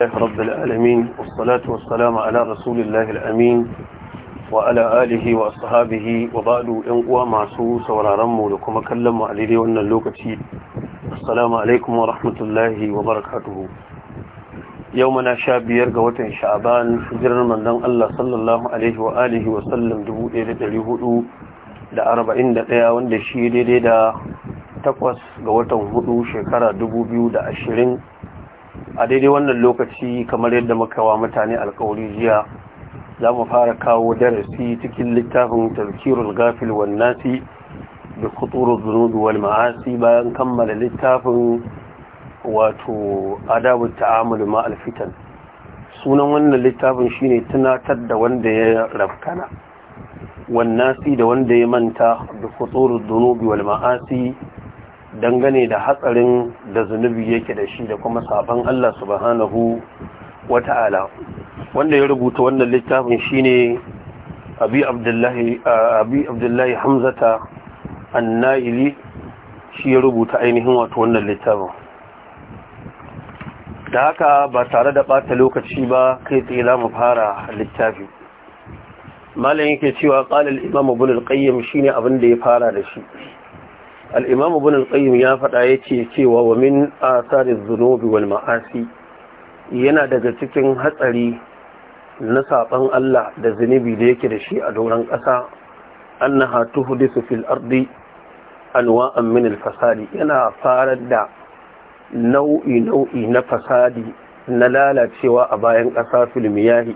الله رب العالمين والصلاة والسلام على رسول الله الأمين وعلى آله وأصحابه وبعد إنقوى معسو سورا رمو لكم أكلم عليه وأن اللوكتي السلام عليكم ورحمة الله وبركاته يومنا شابير قوة شعبان حجر من دن الله صلى الله عليه وآله وسلم دبو إيرد اليهود da arba'in da ɗaya wanda shi daidai da takwas ga watan hudu shekara dubu biyu da ashirin a daidai wannan lokaci kamar yadda wa mutane alkawari jiya za mu fara kawo darasi cikin littafin tarkirul gafil wan nasi da kuturu zunubi wal ma'asi bayan kammala littafin wato adabun ta'amul ma'al fitan sunan wannan littafin shine tunatar da wanda ya rafkana wan nasi da wanda ya manta da kuturu zunubi wal ma'asi dangane da hatsarin da zunubi yake da shi da kuma sabon Allah subhanahu ta'ala, wanda ya rubuta wannan littafin shi ne abi abdullahi hamzata annaili shi ya rubuta ainihin wato wannan littafin da haka ba tare da bata lokaci ba kai tsaye za mu fara littafi malayin yake cewa ƙalil al-imam ibn al shi shine abin da ya fara da shi al'imamu ibn al ya faɗa yake cewa wa min asari zunubi wal ma'asi yana daga cikin hatsari na saɓan Allah da zunubi da yake da shi a doron ƙasa annaha tuhdisu fil ardi anwa'an min al-fasadi yana fara da nau'i nau'i na fasadi na lalacewa a bayan ƙasa fil miyahi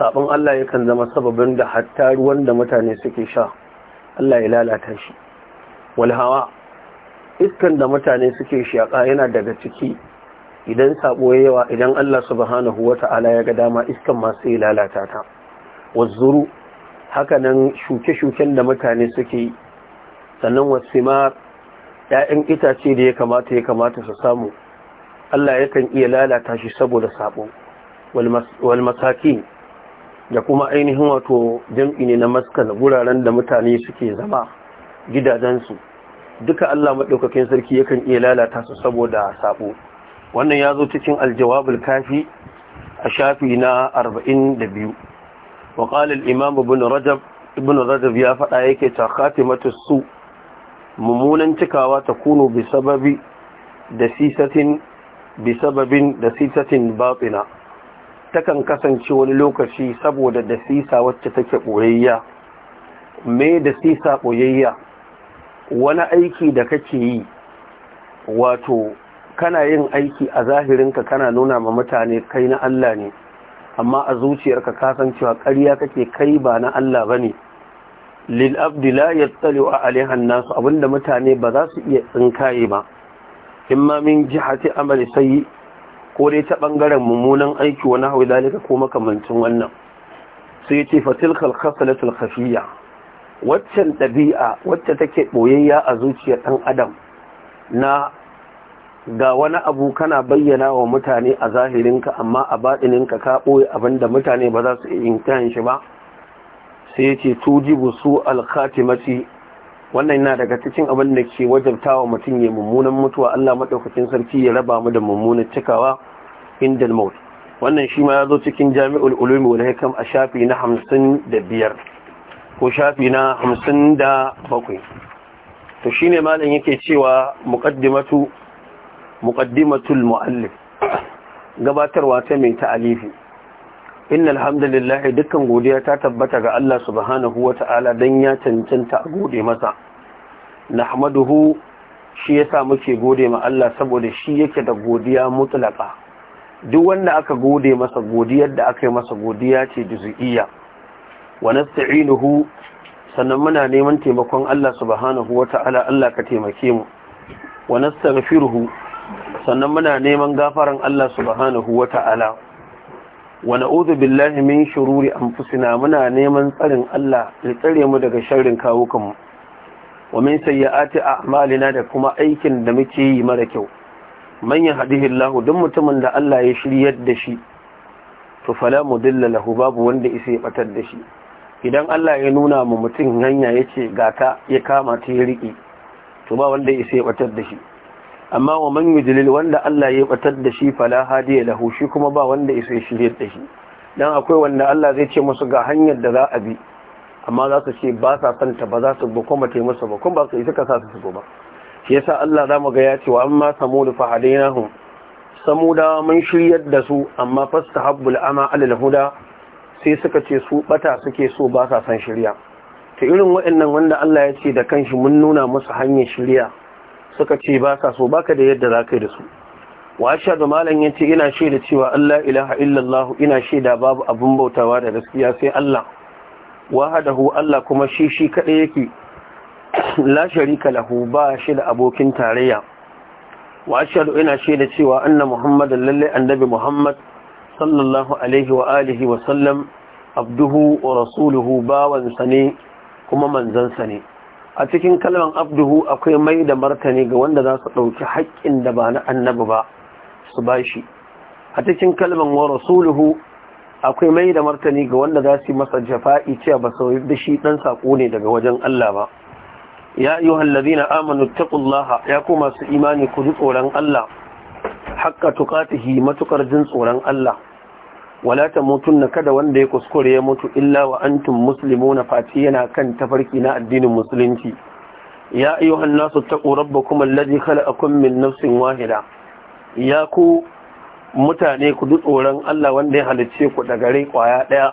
saɓan Allah yakan zama sababin da hatta ruwan da mutane suke sha Allah ya lalata shi walhawa iskan da mutane suke shaƙa yana daga ciki idan sabo yawa idan Allah subhanahu wata'ala ya ga dama iskan masu sai lalata ta wazzuru hakanan shuke-shuken da mutane suke sannan wasimar ‘ya'yan itace da ya kamata ya kamata su samu Allah yakan iya lalata shi saboda sabo walmasaki da kuma ainihin wato jam'i ne na maskan guraren da mutane suke zama gidajensu duka Allah maɗaukakin sarki yakan iya lalata su saboda sabo wannan ya zo cikin aljawabul kafi a shafi na 42 wa biyu al-imam ibn rajab ibn rajab ya faɗa yake ta mata su mummunan cikawa ta kuno bi sababi da sisatin bi sababin da sisatin takan kasance wani lokaci saboda da sisa wacce take ɓoyayya me da sisa ɓoyayya wani aiki da kake yi wato kana yin aiki a zahirinka kana nuna ma mutane kai na Allah ne amma a zuciyarka cewa ƙarya kake kai ba na Allah ba ne lil'abdi la ya tsalewa alihan nasu abinda mutane ba za su iya tsinkaye ba in ma min jihati amali sai ko dai ta ɓangaren mummunan aiki wani hau dalika ko makamancin wannan sai ce fatilkal khasalatul khafiyya waccan ɗabi'a wacce take ɓoyayya a zuciyar ɗan adam na ga wani abu kana bayyana wa mutane a zahirinka amma a baɗininka ka ɓoye abin da mutane ba za su iya yin shi ba sai ce tujibu su alkhatimati wannan yana daga cikin abin da ke wajabta wa mutum ya mummunan mutuwa Allah maɗaukacin sarki ya raba mu da mummunan cikawa indal maut wannan shi ma ya zo cikin jami'ul ulumi wal hikam a shafi na hamsin da biyar ko shafi na hamsin da bakwai to shi ne malin yake cewa muƙaddimatu muƙaddimatul mu'allif gabatarwa ta mai ta'alifi inna alhamdulillah dukkan godiya ta tabbata ga Allah subhanahu wa ta'ala don ya cancanta a gode masa nahmaduhu shi ya sa muke gode ma Allah saboda shi yake da godiya mutlaka duk wanda aka gode masa godiyar da aka yi masa godiya ce juzu'iyya wa nasta'inuhu sannan muna neman taimakon Allah subhanahu wata'ala Allah ka taimake mu wa nastaghfiruhu sannan muna neman gafaran Allah subhanahu wata'ala wa na'udhu billahi min shururi anfusina muna neman tsarin Allah ya tsare mu daga sharrin kawukan mu wa min sayyiati a'malina da kuma aikin da muke yi mara kyau man yahdihillahu duk mutumin da Allah ya shiryar da shi to fala mudilla lahu babu wanda isa ya batar da shi idan Allah ya nuna ma mutum hanya ya ce ga ka ya kama ta ya riƙe to ba wanda ya ya batar da shi amma wa man yujlil wanda Allah ya batar da shi fala hadiya lahu shi kuma ba wanda ya shirya shirye da shi dan akwai wanda Allah zai ce musu ga hanyar da za a bi amma za su ce ba sa son ta ba za su bi kuma musu ba kuma ba su isa ka sa su ba shi yasa Allah zamu ga ya ce wa amma samud fa hadainahum samuda mun shiryar da su amma fastahabbul ama alal huda sai suka ce su bata suke so ba sa san shirya ta irin waɗannan wanda Allah ya ce da kanshi mun nuna musu hanyar shirya suka ce ba sa so baka da yadda za ka yi da su wa sha da malam ya ce ina shaida cewa Allah ilaha illallah ina shaida babu abun bautawa da gaskiya sai Allah wahadahu Allah kuma shi shi kaɗai yake la sharika lahu ba shi da abokin tarayya wa ashhadu ina shaida cewa anna muhammadan lalle annabi muhammad sallallahu alaihi wa alihi wa sallam abduhu wa rasuluhu bawansa ne kuma manzansa ne a cikin kalman abduhu akwai mai da martani ga wanda za su ɗauki haƙƙin da ba na annabi ba su ba shi a cikin kalman wa rasuluhu akwai mai da martani ga wanda za su yi masa jafa'i cewa ba sau da shi ɗan saƙo ne daga wajen Allah ba ya yi hallazina amanu taqullaha ya kuma su imani ku ji tsoron Allah haqqa tuƙatihi matukar jin tsoron Allah wala na kada wanda ya kuskure ya mutu illa wa antum na fati yana kan tafarki na addinin musulunci ya ayyuhan nasu taqu rabbakum alladhi khalaqakum min nafsin wahida ya ku mutane ku duk tsoron Allah wanda ya halicce ku daga rai kwaya daya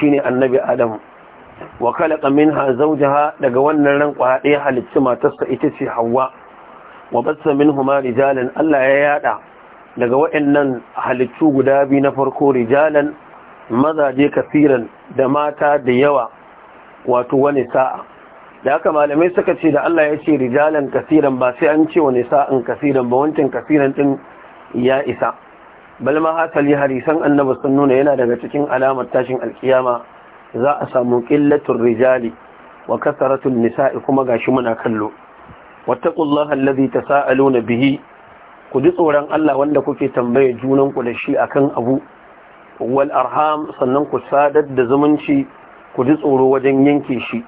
shine annabi adam wa khalaqa minha zawjaha daga wannan ran kwaya daya halicci matarsa ita ce Hauwa. wa min huma rijalan Allah ya yada daga waɗannan halittu guda biyu na farko rijalan mazaje kasiran da mata da yawa wato wani sa'a da haka malamai suka ce da Allah ya ce rijalan kasiran ba sai an ce wani sa'an kasiran ba wancan kasiran din ya isa bal ma hasali harisan annabi sun nuna yana daga cikin alamar tashin alkiyama za a samu qillatul rijali wa kasaratul nisa'i kuma gashi muna kallo ta sa’alo na bihi ku ji tsoron Allah wanda kuke tambaye junanku da shi akan abu wal arham sannan ku sadar da zumunci ku ji tsoro wajen yanke shi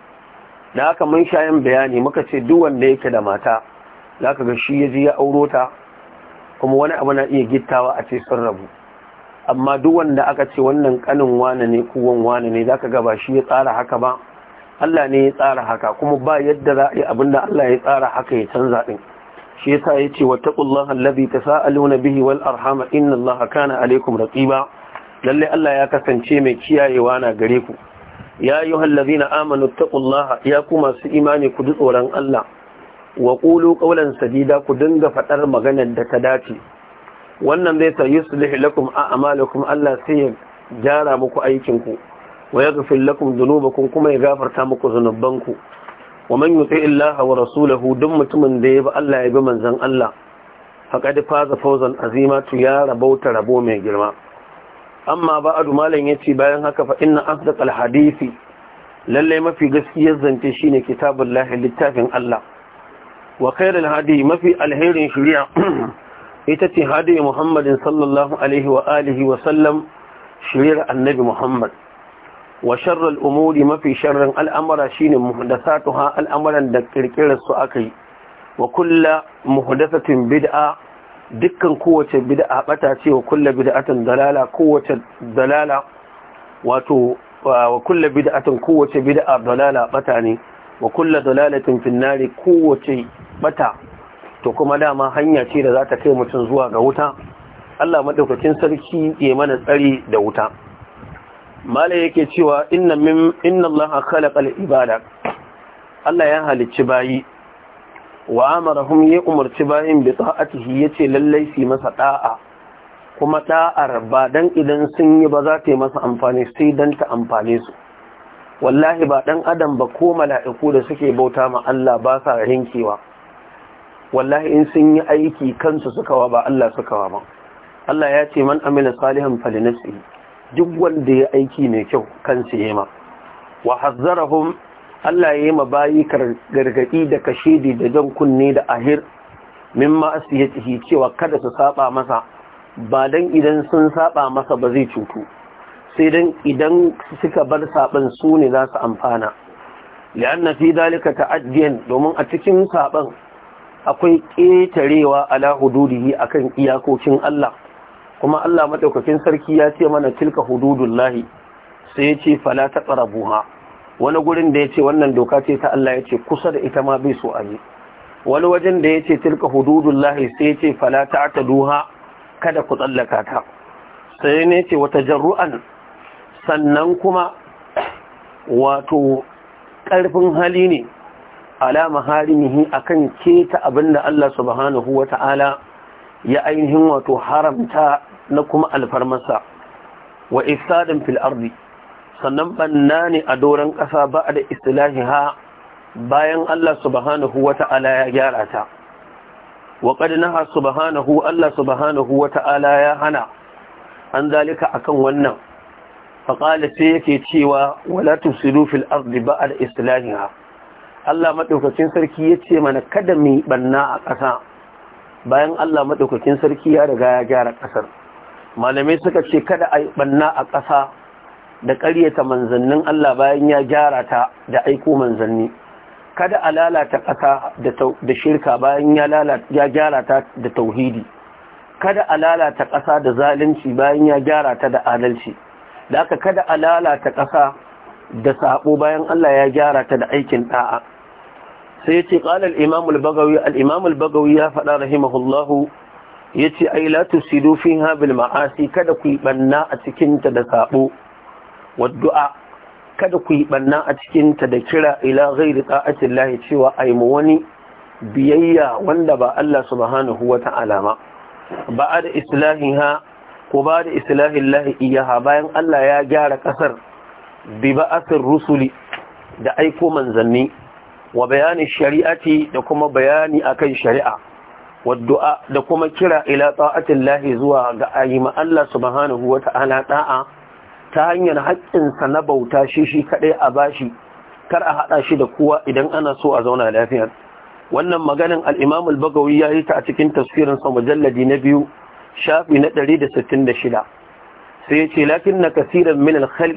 da aka mun bayani muka ce duk wanda yake da mata za ka ga shi ya ji ya auro ta kuma wani abu na iya gittawa a ce sun rabu amma duk wanda aka ce wannan kanin wane ne kuwan wane ne zaka ga ba shi ya tsara haka ba Allah ne ya tsara haka kuma ba yadda za a yi abinda Allah ya tsara haka ya canza ɗin shi yasa yace wattaqullaha allazi tasaaluna bihi wal arhama inna allaha kana alaykum raqiba lalle Allah ya kasance mai kiyayewa na gare ku ya ayyuhal na amanu taqullaha ya kuma su imani ku tsoron Allah wa qulu qawlan sadida ku dinga faɗar maganar da ta dace wannan zai ta yuslih lakum a'malakum Allah sai ya gyara muku aikin ku wa yaghfir lakum dhunubakum kuma ya gafarta muku zunubanku wa man yuti illaha wa rasulahu duk mutumin da ya bi Allah ya bi manzon Allah faqad faza fawzan azima tu ya rabauta rabo mai girma amma ba'adu malam yace bayan haka fa inna asdaqal hadisi Lallai mafi gaskiyar zance shine kitabullahi littafin Allah wa hadi mafi alherin shari'a ita ce hadi Muhammadin sallallahu alaihi wa alihi wa sallam shari'ar annabi Muhammad wa sharral umuri mafi sharrin al'amara shine ha al'amaran da ƙirƙirarsu su yi wa kullu muhdathatin bid'a dukkan kowace bid'a bata ce wa kullu bid'atin dalala kowace dalala wato wa kullu bid'atin kowace bid'a dalala bata ne wa kullu dalalatin fin kowace bata to kuma dama hanya ce da za ta kai mutum zuwa ga wuta Allah maɗaukacin sarki ya mana tsari da wuta mala yake cewa inna min Allah ibada Allah ya halicci bayi wa amarahum ya umarci bayin bi ta'atihi yace lallai su masa da'a kuma da'ar ba dan idan sun yi ba za ta yi masa amfani sai dan ta amfane su wallahi ba dan adam ba ko mala'iku da suke bauta ma Allah ba sa rinkewa wallahi in sun yi aiki kansu suka wa ba Allah suka wa ba Allah ya ce man amila salihan falinasihi duk wanda ya aiki mai kyau kan kansa yema wa hazzarahum Allah ya ma bayi gargadi da kashedi da jan kunne da ahir mimma asiyatihi cewa kada su saba masa ba dan idan sun saba masa ba zai cutu sai dan idan suka bar saban su ne za su amfana li'anna fi dalika ta'addiyan domin a cikin saban akwai ƙetarewa ala hududihi akan iyakokin Allah kuma Allah madaukakin sarki ya ce mana tilka hududullahi sai ya ce fala taqrabuha wani gurin da ya ce wannan doka ce ta Allah ya ce kusa da ita ma bai so a yi wani wajen da ya ce tilka hududullahi sai ya ce fala ta'taduha kada ku tsallaka ta sai ne ce wata jarru'an sannan kuma wato ƙarfin hali ne alama harimihi akan keta abinda Allah subhanahu wata'ala ya ainihin wato haramta na kuma alfarmasa wa isadin fil sannan banna ne a doron ƙasa ba da istilahi ha bayan Allah subhanahu wata'ala ya gyara ta wa qad naha subhanahu Allah subhanahu wata'ala ya hana an zalika akan wannan faƙala sai yake cewa wala tusiru fil da ba'da islahiha Allah maɗaukacin sarki yace mana kada mu banna a ƙasa bayan Allah maɗaukacin sarki ya riga ya gyara ƙasar malamai suka ce kada a yi banna a ƙasa da ƙaryata manzannin Allah bayan ya gyara ta da aiko manzanni kada a lalata ƙasa da shirka bayan ya gyara ta da tauhidi kada a lalata ƙasa da zalunci bayan ya gyara ta da adalci da aka kada a lalata ƙasa da saɓo bayan Allah ya gyara ta da aikin ɗa'a sai ce ƙalar imamul bagawi al'imamul bagawi ya faɗa rahimahullahu Ya ce, ai la tusidu fiha bil ma'asi kada ku yi banna a cikin ta da sabo wa du'a kada ku yi banna a cikin ta da kira ila ghairi ta'ati Allah cewa ai mu wani biyayya wanda ba Allah subhanahu wa ta'ala ma ba da islahiha ko ba da islahillahi iyaha bayan Allah ya gyara kasar bi ba'athir rusuli da aiko manzanni wa bayanin shari'ati da kuma bayani akan shari'a Waddu'a, da kuma kira ila ta'atin lahi zuwa ga ma Allah subhanahu wa ta'ala da'a ta hanyar haƙƙinsa na bauta shi shi kaɗai a bashi kar a haɗa shi da kowa idan ana so a zauna lafiya wannan maganin al-imam al-bagawi ya yi ta a cikin tafsirin sa mujalladi na biyu shafi na 166 sai ya ce lakin na kasiran min al sai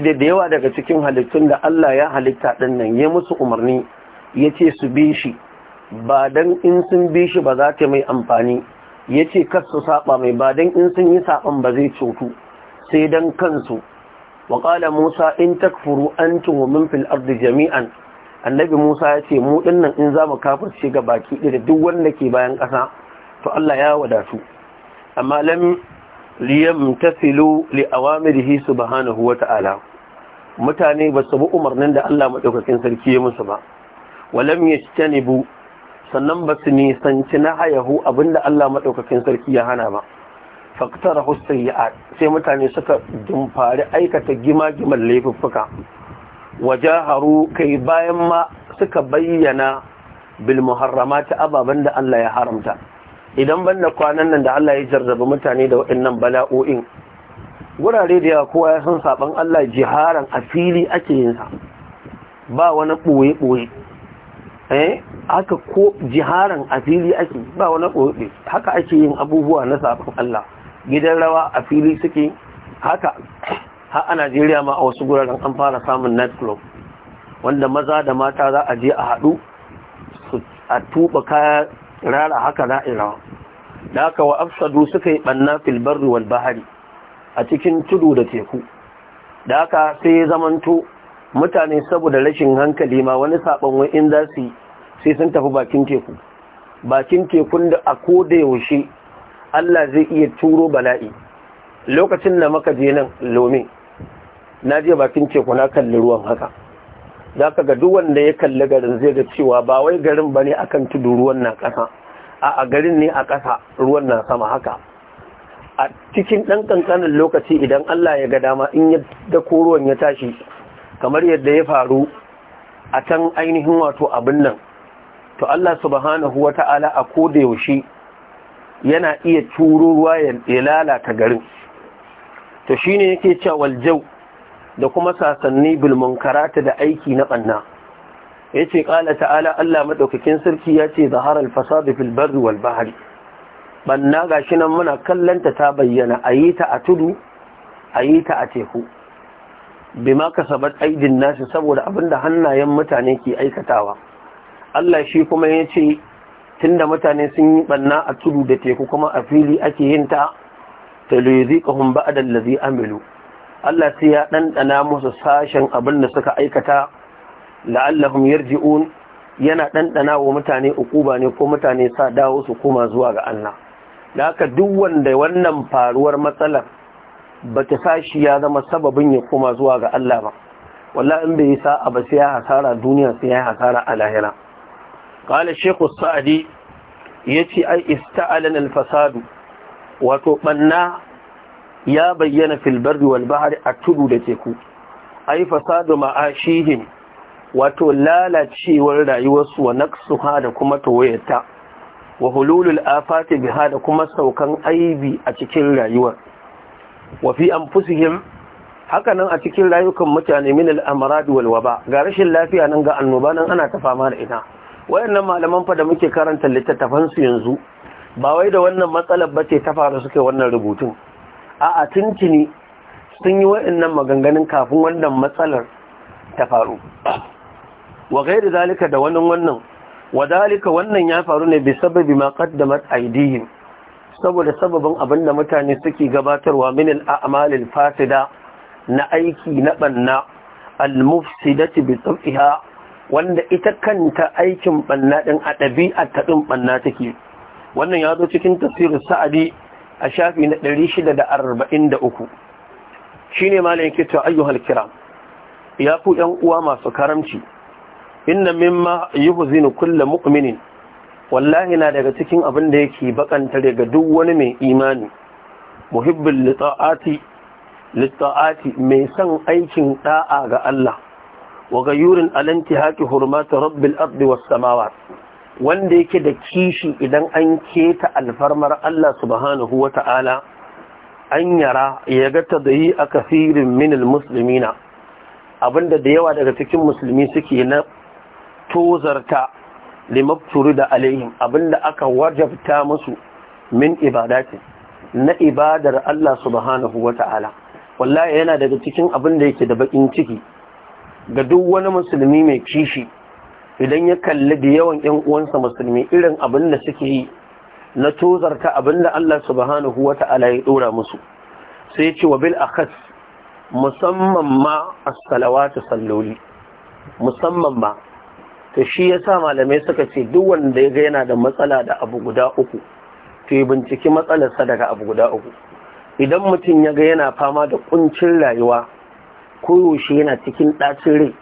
dai da yawa daga cikin halittun da Allah ya halitta ɗin nan ya musu umarni ya ce su bi shi ba don in sun bi shi ba za ta mai amfani ya ce kasu saba mai ba don in sun yi saban ba zai cutu sai dan kansu waƙala musa in takfuru an wa min fil jami'an annabi musa ya ce mu in za mu shi ga baki ɗaya da duk wanda ke bayan ƙasa to Allah ya wadatu amma lam liyamtasilu li awamirihi subhanahu wata'ala mutane ba su bi umarnin da Allah maɗaukakin sarki ya musu ba walam yastanibu sannan ba su nisanci na hayahu abinda Allah maɗaukakin sarki ya hana ba faktar ya sai mutane suka dumfari aikata gima-giman laifuffuka waje haru kai bayan ma suka bayyana ta ababen da Allah ya haramta idan banda kwanan nan da Allah ya jarraba mutane da waɗannan bala'o'in gurare da yawa kowa ya san saban Allah jiharan a fili ake yinsa ba wani ɓoye-ɓoye eh aka ko jiharan a fili ake ba wani ƙoɗe haka ake yin abubuwa na sabon Allah gidan rawa a fili suke haka ha a Najeriya ma a wasu guraren an fara samun night club wanda maza da mata za a je a haɗu a tuba kaya rara haka za a da aka wa afsadu suka yi ɓanna filbar ruwan bahari a cikin tudu da teku da aka sai zamanto mutane saboda rashin hankali ma wani saɓon wai in za su sai sun tafi bakin teku bakin teku da a koda yaushe Allah zai iya turo bala'i lokacin da maka je nan lome na je bakin teku na kalli ruwan haka za ka ga duk wanda ya kalli garin zai ga cewa ba wai garin ba ne akan tudu ruwan na ƙasa a garin ne a ƙasa ruwan na sama haka a cikin ɗan ƙanƙanin lokaci idan Allah ya ga dama in ya da ruwan ya tashi kamar yadda ya faru a can ainihin wato abin nan to Allah subhanahu wata'ala a koda yaushe yana iya turo ruwa ya lalata garin to shine yake cewa jau da kuma sasanni bilmun munkarata da aiki na banna yace qala ta'ala Allah madaukakin sarki yace zahara al fasad fil bahari. wal bahri banna gashi nan muna kallanta ta bayyana ayita a tudu ayita a teku bima kasabat aidin nasu saboda abinda hannayen mutane ke aikatawa Allah shi kuma ya ce tunda mutane sun yi banna a tudu da teku kuma a fili ake yin ta taluyuzikahum ba'da allazi amilu Allah sai ya ɗanɗana musu sashen abin da suka aikata la'allahum yarji'un yana ɗanɗana wa mutane ukuba ne ko mutane sa dawo su koma zuwa ga Allah da haka duk wanda wannan faruwar matsalar ba ta sa shi ya zama sababin ya koma zuwa ga Allah ba wala in bai sa a ba sai ya hasara duniya sai ya hasara a lahira qala Sa'adi ya ce ai ista'alana al wato banna ya bayyana fil barri wal a tudu da teku ai fasadu ma'ashihim wato lalacewar rayuwarsu wa naqsuha da kuma tawayata wa hululul afati biha da kuma saukan aibi a cikin rayuwar wa fi anfusihim haka hakanan a cikin rayukan mutane min al walwa ba. ga rashin lafiya nan ga annoba nan ana ta fama da ita wayannan malaman fa da muke karanta littattafansu yanzu ba wai da wannan matsalar ba ce ta faru suke wannan rubutun a'a tuntuni sun yi wayannan maganganun kafin wannan matsalar ta faru wa gairi zalika da wannan wannan wadalika wannan ya faru ne bi sababi ma qaddamat aidihim saboda sababin abin da mutane suke gabatarwa min al'amalil fasida na aiki na banna al-mufsidati bi tsafiha wanda ita kanta aikin banna din a ɗabi'a ta ɗin banna take wannan ya zo cikin tafsir sa'adi a shafi na 643 shine malamin yake cewa ayyuhal kiram ya ku ƴan uwa masu karamci inna mimma yuhzinu kullu mu'minin wallahi na daga cikin abin da yake bakanta daga duk wani mai imani muhibbin lita'ati mai son aikin da'a ga Allah wa gayurin alanti haƙi hurmata rabbil ardi was samawa wanda yake da kishi idan an keta alfarmar Allah subhanahu wa ta'ala an yara ya ga yi a kafirin minil musulmina abinda da yawa daga cikin musulmi suke na tozarta limafturu da alaihim abinda aka wajabta musu min ibadati na ibadar Allah subhanahu ta'ala), wallahi yana daga cikin abin da yake da bakin ciki ga duk wani musulmi mai kishi idan ya kalli da yawan ƴan uwansa musulmi irin abin da suke yi na tozarta abin da Allah subhanahu ta'ala) ya dora musu sai ya ce wa bil akhas musamman ma as-salawatu salloli musamman ma to shi ya sa malamai suka ce duk wanda ya ga yana da matsala da abu guda uku to ya binciki matsalarsa daga abu guda uku idan mutum ya ga yana fama da kuncin rayuwa koyaushe yana cikin ɗacin rai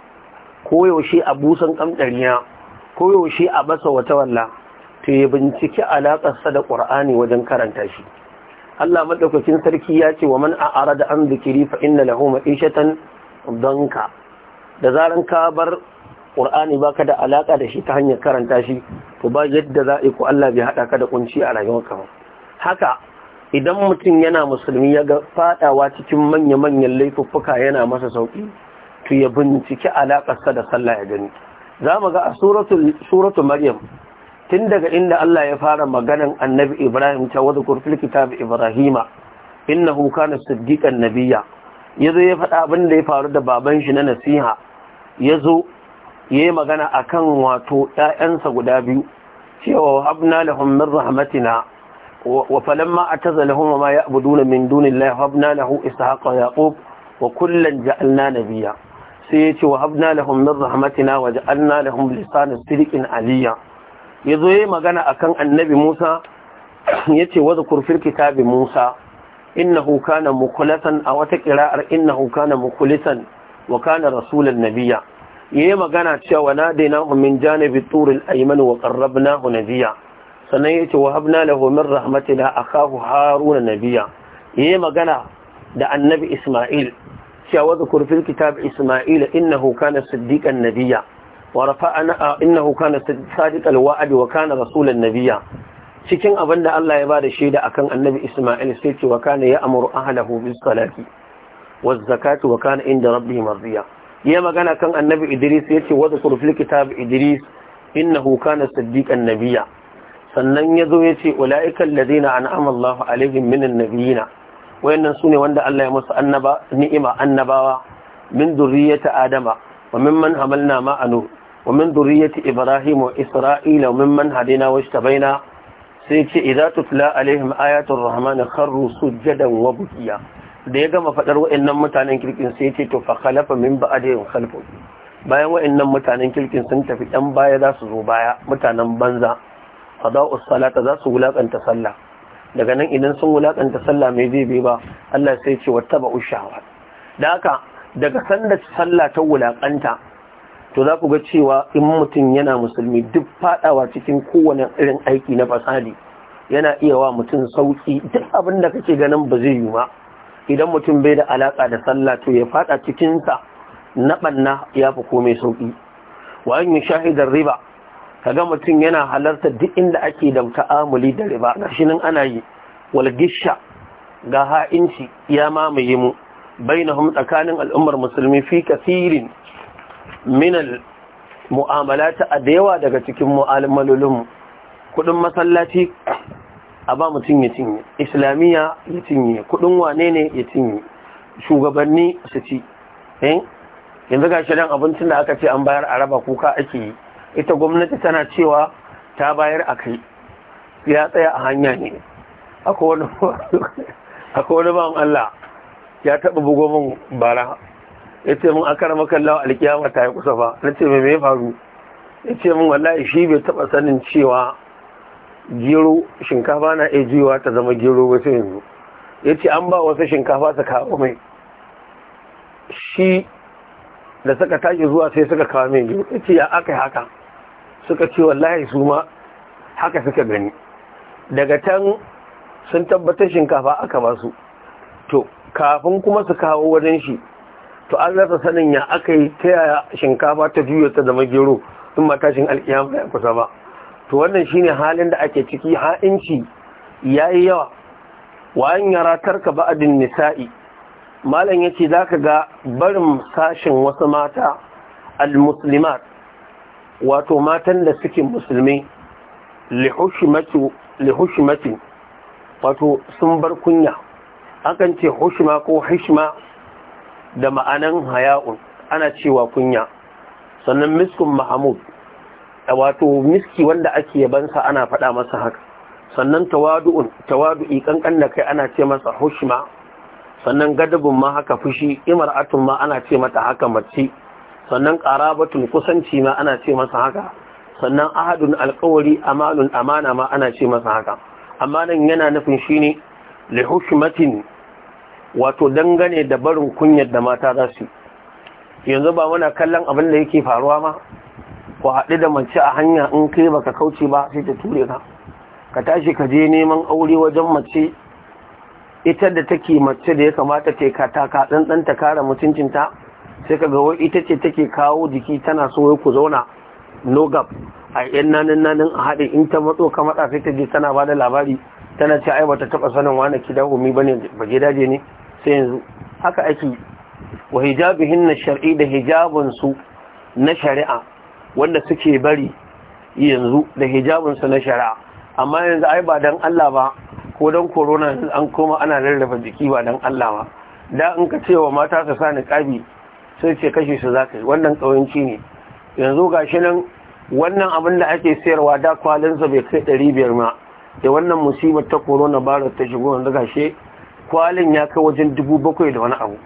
koyaushe a busan ƙamɗariya koyaushe a basa wata walla to ya binciki alaƙarsa da ƙur'ani wajen karanta shi Allah maɗaukacin sarki ya ce wa man ara da an zikiri fa inna lahu ma'ishatan danka da zaran ka bar ƙur'ani baka da alaka da shi ta hanyar karanta shi to ba yadda za a ko Allah bai haɗa ka da kunci a rayuwarka ba haka idan mutum yana musulmi ya ga fadawa cikin manya-manyan laifuffuka yana masa sauki to ya binciki sa da sallah ya gani za mu ga a suratu maryam tun daga inda Allah ya fara maganan annabi ibrahim ta wadda kurfil kitab ibrahima innahu kana siddiqan nabiyya yazo ya faɗa abin da ya faru da baban shi na nasiha yazo yayi magana akan wato 'ya'yansa guda biyu cewa habna lahum min rahmatina wa falamma atazalahum ma ya'buduna min dunillahi habna lahu ishaqa yaqub wa kullan ja'alna nabiyya sai yace wa habna lahum min rahmatina wa ja'alna lahum lisana sidqin aliyya yazo yayi magana akan annabi Musa yace wa zakur fil kitabi Musa innahu kana mukhlisan aw wata qira'ar innahu kana mukhlisan wa kana rasulan nabiyya yayi magana cewa na nadainahu min janibi turil ayman wa qarrabnahu nabiyya sannan yace wa habna lahu min rahmatina akahu haruna nabiyya yayi magana da annabi isma'il cewa dhkur fil kitab isma'il innahu kana siddiqan nabiyya wa rafa'ana innahu kana sadiqal wa'd wa kana rasulan nabiyya cikin abin da Allah ya ba da shaida akan annabi Ismail sai ce wa kana ya amuru ahlahu bis salati waz zakati wa kana inda rabbih marziya ya magana kan annabi idris ya ce wata kurfil kitab idris innahu kana siddiqan nabiyya sannan ya zo ya ce ula'ikal ladina an'ama Allahu alaihim minan nabiyina wayannan sune wanda Allah ya musu annaba ni'ima annabawa min zurriyyati adama wa mimman hamalna ma anu wa min zurriyyati ibrahim wa isra'ila wa mimman hadina washtabaina sai ce idza tutla alaihim ayatul rahman kharru sujadan wa bukiya da ya gama faɗar wa'annan mutanen kirkin sai ce to fa khalafa min ba'dihim khalfun bayan wa'annan mutanen kirkin sun tafi ɗan baya za su zo baya mutanen banza fada'u salata za su wulakanta sallah daga nan idan sun wulakanta sallah mai zai bai ba Allah sai ce wattaba'u shahawat da haka daga sanda sallah ta wulakanta to za ku ga cewa in mutum yana musulmi duk faɗawa cikin kowane irin aiki na fasadi yana iya wa mutum sauki duk abin da kake ganin ba zai yi ba idan mutum bai da alaƙa da sallah to ya fada cikin sa na banna ya fi komai sauki wa an shahidar riba kaga mutum yana halarta duk inda ake da ta'amuli da riba gashi nan ana yi wal gisha ga ha'inci ya mamaye mu bainahum tsakanin al'ummar musulmi fi kasirin minal al mu'amalat da daga cikin mu'alimalulum kudin masallaci a ba mutum ya cinye islamiyya ya cinye kudin wane ne ya cinye shugabanni su ci eh? yanzu ga shirin abincin da aka ce an bayar a raba kuka ake yi ita gwamnati tana cewa ta bayar a kai ya tsaya a hanya ne akwai wani ba Allah ya taɓa bugo min bara ya ce min akara makallawa alkiyama ta yi kusa ba na ce mai mai faru ya ce min wallahi shi bai taba sanin cewa gero shinkafa na iya juyawa ta zama gero wasu yanzu ya ce an ba wasu shinkafa su kawo mai shi da suka tashi zuwa sai suka kawo mai gero ya ce ya aka haka suka ce wallahi su ma haka suka gani daga can sun tabbatar shinkafa aka ba su to kafin kuma su kawo wajen shi to an rasa sanin ya aka yi ta yaya shinkafa ta juya ta zama gero in matashin alkiyama ya kusa ba to wannan shi ne halin da ake ciki ha'inci yi yawa wa yara tarka ba'adin nisa'i malam za ka ga barin sashin wasu mata al al-musulmat wato matan da suke musulmi lihushimati wato sun bar kunya akan ce hushma ko hishma da ma'anan haya'un ana cewa kunya sannan miskun mahamud wato miski wanda ake yabansa ana faɗa masa haka sannan tawadu'un tawadu'i kankan da kai ana ce masa hushma sannan gadabun ma haka fushi imar'atun ma ana ce mata haka mace sannan qarabatun kusanci ma ana ce masa haka sannan ahadun alqawli amalun amana ma ana ce masa haka amma nan yana nufin shine li hushmatin wato dangane da barin kunyar da mata za su yanzu ba muna kallon abin da yake faruwa ma ku haɗu da mace a hanya in kai baka kauce ba sai ta ture ka ka tashi ka je neman aure wajen mace ita da take mace da ya kamata ta ka ta ka dan ta kara mutuncinta sai ka ga wai ita ce take kawo jiki tana so wai ku zauna no gap a yan nanin nanin a haɗe in ta matso ka matsa sai ta je tana ba da labari tana ce ai bata taɓa sanin wani kida umi ne ba gidaje ne sai yanzu haka ake wa hijabihin na shar'i da hijabinsu na shari'a wanda suke bari yanzu da hijabinsu na shari'a amma yanzu ai ba don Allah ba ko don korona an koma ana rarrafa jiki ba don Allah ba da in ka ce wa mata su sa niqabi sai ce kashe su za ka yi wannan ƙawanci ne yanzu ga shi nan wannan abin da ake sayarwa da kwalinsa bai kai ɗari biyar ma da wannan musibar ta corona virus ta shigo yanzu ga shi kwalin ya kai wajen dubu bakwai da wani abu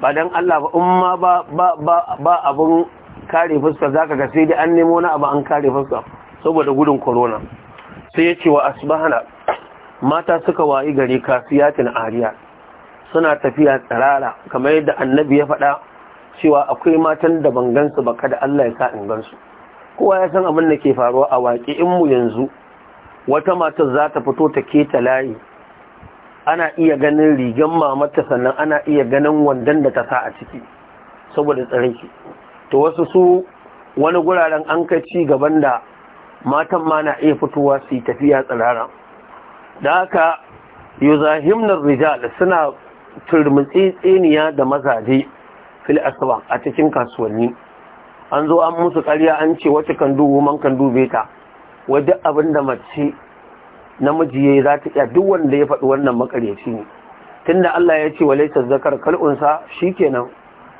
ba don Allah ba in ma ba abin kare fuska zaka ga sai dai an nemo na abu an kare fuska saboda gudun korona. sai ya ce wa asbahana mata suka wayi gari kasiyatin ariya suna tafiya tsirara kamar yadda annabi ya faɗa cewa akwai matan da ban gansu ba kada Allah ya sa in gansu kowa ya san abin da ke faruwa a waƙi in mu yanzu wata matar za ta fito ta keta layi ana iya ganin rigan mamata sannan ana iya ganin wandan da ta sa a ciki saboda tsarki to wasu su wani guraren an ka ci gaban da matan ma na iya fitowa su tafiya tsirara da haka zahimnar rijal suna turmutsi tseniya da mazaje fil asaba a cikin kasuwanni an zo an musu karya an ce wacce kan dubu man kan dube ta wajen abin da mace namiji yi za ta iya duk wanda ya faɗi wannan makaryaci ne tunda Allah ya ce wa walaita zakar kal'unsa shi kenan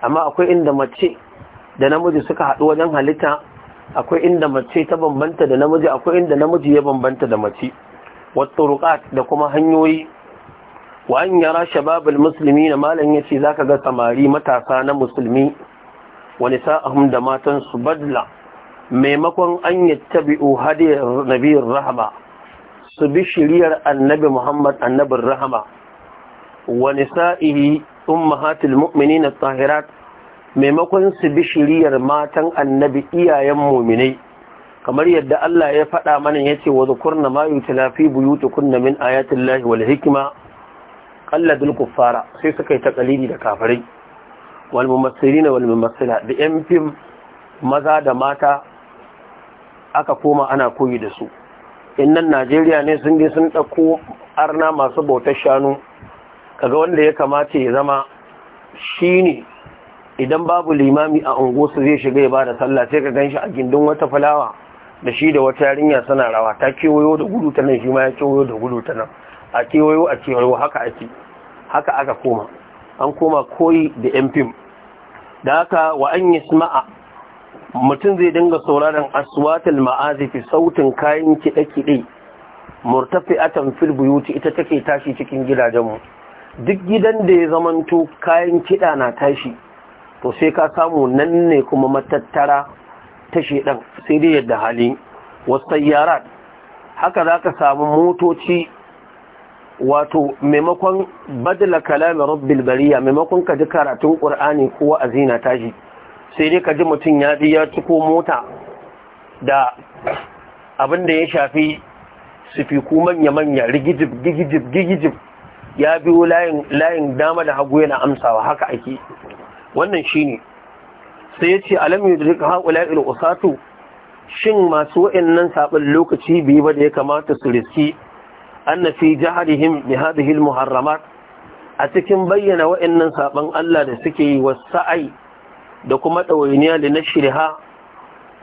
amma akwai inda mace da namiji suka haɗu wajen halitta akwai inda mace ta bambanta da namiji akwai inda namiji ya bambanta da mace Ruqat da kuma hanyoyi wa an yara shababul muslimina malan yace zaka ga samari matasa na musulmi wa nisa'ahum da matan su badla maimakon an yattabi'u hadiyar nabiyir rahama su bi shiriyar annabi Muhammad annabin rahama wa nisa'ihi ummahatul mu'minina tahirat maimakon su bi shiriyar matan annabi iyayen muminai kamar yadda Allah ya faɗa mana ya ce wa zukurna ma buyu buyutu buyutikunna min ayatun lahi wal hikima qalladul kuffara sai suka yi ta da kafirai wal na wal da yan fim maza da mata aka koma ana koyi da su innan Najeriya ne sun je sun ɗauko arna masu bautar shanu kaga wanda ya kamata ya zama shi ne. idan babu limami a unguwarsu zai shiga ya da sallah sai ka gan shi a gindin wata falawa. da shi da wata yarinya suna rawa ta kewayo da gudu ta nan shi ma ya kewayo da gudu ta nan a kewayo a kewayo haka ake haka aka koma an koma koyi da yan fim da haka wa an yi sama'a mutum zai dinga sauraron aswatul ma'azifi sautin kayan kiɗe-kiɗe murtafi atan fil buyuti ita take tashi cikin gidajenmu duk gidan da ya zamanto kayan kiɗa na tashi to sai ka samu nan ne kuma matattara ta shedan sai dai yadda hali wasayyara haka za ka samu motoci wato maimakon badala kalamin rabbil bariya maimakon ka ji karatun ƙur'ani ko a zina tashi sai dai ka ji mutum ya ji ya ciko mota da abin da ya shafi sufiku manya-manya rigijib rigijib, rigijib, ya biyo layin dama da hagu yana amsawa haka ake wannan shi ne. sai ya ce alam yudrika haula il usatu shin masu nan sabon lokaci biyu ba da ya kamata su riski na fi jahrihim bi hadhihi muharramat a cikin bayyana nan sabon Allah da suke yi wa sa'ai, da kuma ɗawainiya da na nashriha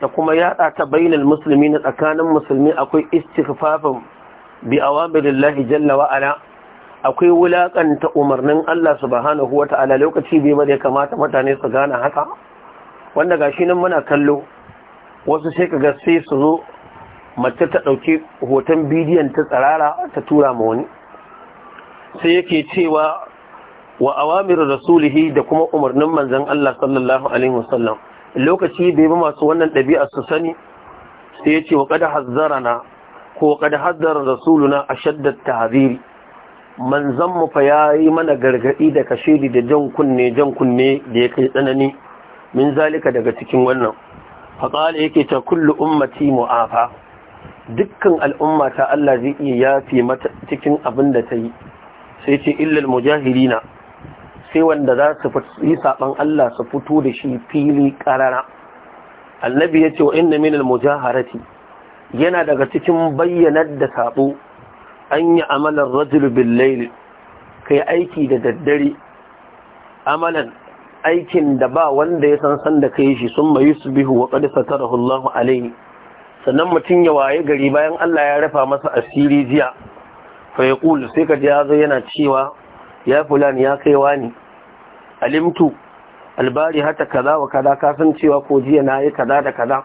da kuma yaɗa ta Musulmi na tsakanin musulmi akwai istifafin bi awamirillahi jalla wa akwai wulaƙanta umarnin Allah subhanahu wa ta'ala lokaci bai ba da ya kamata mutane su gane haka wanda shi nan muna kallo wasu sai ga sai su zo mace ta ɗauki hoton bidiyon ta tsarara ta tura ma wani sai yake cewa wa awamir rasulihi da kuma umarnin manzan Allah sallallahu alaihi wasallam lokaci bai ba masu wannan ɗabi'a su sani sai ya ce wa kada na ko kada hazzara rasuluna ta tahziri manzon mu fa yayi mana gargadi da kashidi da jan kunne jan kunne da ya kai tsanani min zalika daga cikin wannan faqala yake ta kullu ummati mu'afa dukkan al'umma ta Allah zai iya yafi mata cikin abin da ta yi sai ce illal mujahirina sai wanda za su yi saban Allah su fito da shi fili karara annabi ya ce wa inna minal mujaharati yana daga cikin bayyanar da sabo an yi amalan rajul billaili kai aiki da daddare amalan aikin da ba wanda ya san san da kai shi sun mai bihu wa qad satarahu Allah alayhi sannan mutum ya waye gari bayan Allah ya rafa masa asiri jiya fa sai ka ji zo yana cewa ya fulan ya kai wani alimtu albari hata kaza wa kaza ka san cewa ko jiya na yi kaza da kaza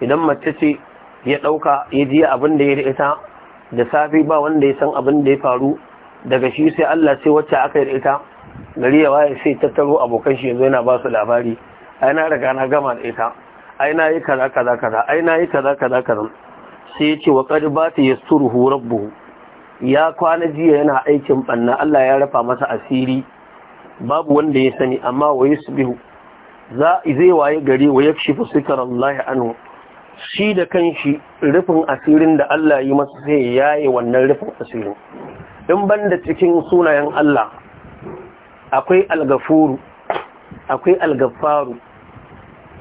idan mace ce ya ɗauka ya ji abin da ya ita da safe ba wanda ya san abin da ya faru daga shi sai Allah sai wacce aka yi ita gari ya waye sai tattaro abokan shi yanzu yana ba su labari ai na riga na gama da ita ai na yi kaza kaza kaza ai na yi kaza kaza kaza sai ya ce wa qad bata yasturuhu rabbuhu ya kwana jiya yana aikin banna Allah ya rafa masa asiri babu wanda ya sani amma wa yusbihu za zai waye gari wa yakshifu sikarallahi anhu shi da kanshi rufin asirin da Allah yi masu sai ya yi wannan rufin asirin in banda cikin sunayen Allah akwai algafuru akwai algafaru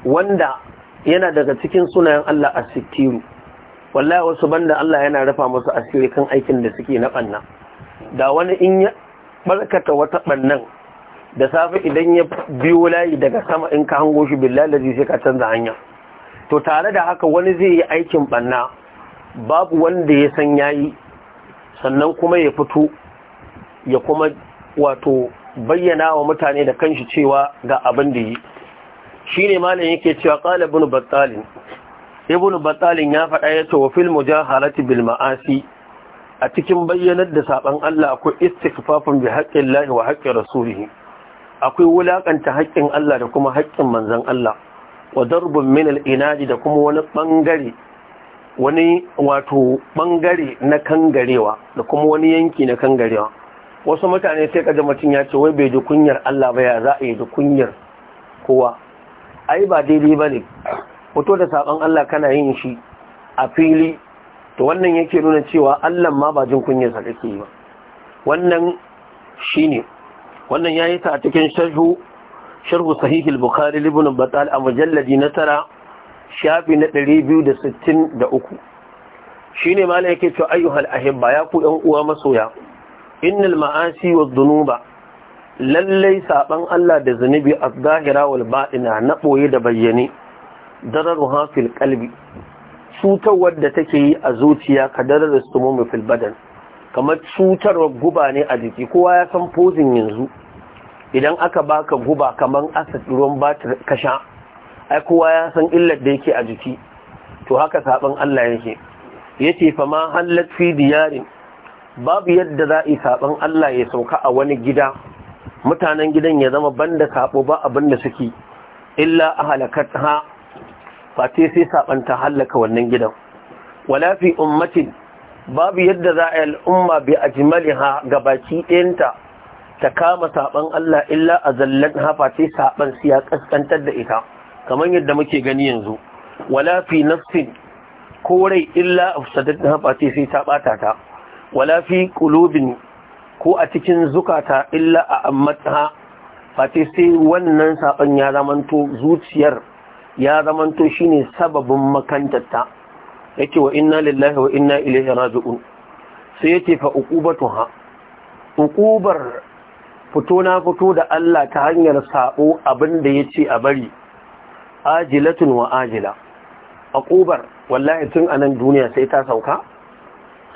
wanda yana daga cikin sunayen Allah asikiru wallahi wasu banda Allah yana rufa masu asiri kan aikin da suke na banna da wani in ya barkata wata ɓannan da safe idan ya biyo layi daga sama in ka hango shi billahi sai ka canza hanya to tare da haka wani zai yi aikin banna babu wanda ya san yayi sannan kuma ya fito ya kuma wato bayyana wa mutane da kanshi cewa ga abin da yi Shi ne malam yake cewa qala ibn battalin ibn battalin ya faɗa ya ce wa fil mujahalati bil ma'asi a cikin bayyanar da saban Allah akwai istikfafin bi haƙƙin lahi wa haƙƙin rasulihi akwai wulaƙanta haƙƙin Allah da kuma haƙƙin manzon Allah wa darbun min al'inaji da kuma wani bangare wani wato bangare na kangarewa da kuma wani yanki na kangarewa wasu mutane sai kaji mutum ya ce wai bai ji kunyar Allah ba ya za a yi ji kunyar kowa ai ba daidai bane fito da sabon Allah kana yin shi a fili to wannan yake nuna cewa Allah ma ba jin kunyar sa kake yi ba wannan shine wannan yayi ta a cikin sharhu sharhu sahihil bukhari ibn batal a mujalladi na tara shafi na ɗari da da sittin 263 shine malai yake cewa ayyuhal ahibba ya ku yan uwa masoya innal ma'asi wa dhunuba lallai saban Allah da zunubi a zahira wal ba'ina na ɓoye da bayyane dararu hafil kalbi cutarwar da take yi a zuciya ka dararu stumumi fil badan kamar cutarwar guba ne a jiki kowa ya san pozin yanzu idan aka baka guba kamar asid ruwan batir kasha ai kowa ya san illar da yake a jiki to haka sabon Allah yake yace fa ma hallat fi diyarin babu yadda za a sabon Allah ya sauka a wani gida mutanen gidan ya zama banda sabo ba abin da suke illa ahlakatha fate sai sabon ta halaka wannan gidan wala fi ummatin babu yadda za a al'umma bi ajmalha gabaki ɗayanta ta kama saban Allah illa a zallan hafa sai saban su ya kaskantar da ita kamar yadda muke gani yanzu wala fi nafsin ko rai illa afsadat hafa sai sai ta bata ta wala fi qulubin ko a cikin zukata illa a ammata fati sai wannan saban ya zamanto zuciyar ya zamanto shine sababin makantarta yake wa inna lillahi wa inna ilaihi raji'un sai yake fa uqubatuha uqubar fito na fito da Allah ta hanyar sabo abin da ya ce a bari ajilatun wa ajila ƙubar wallahi tun a nan duniya sai ta sauka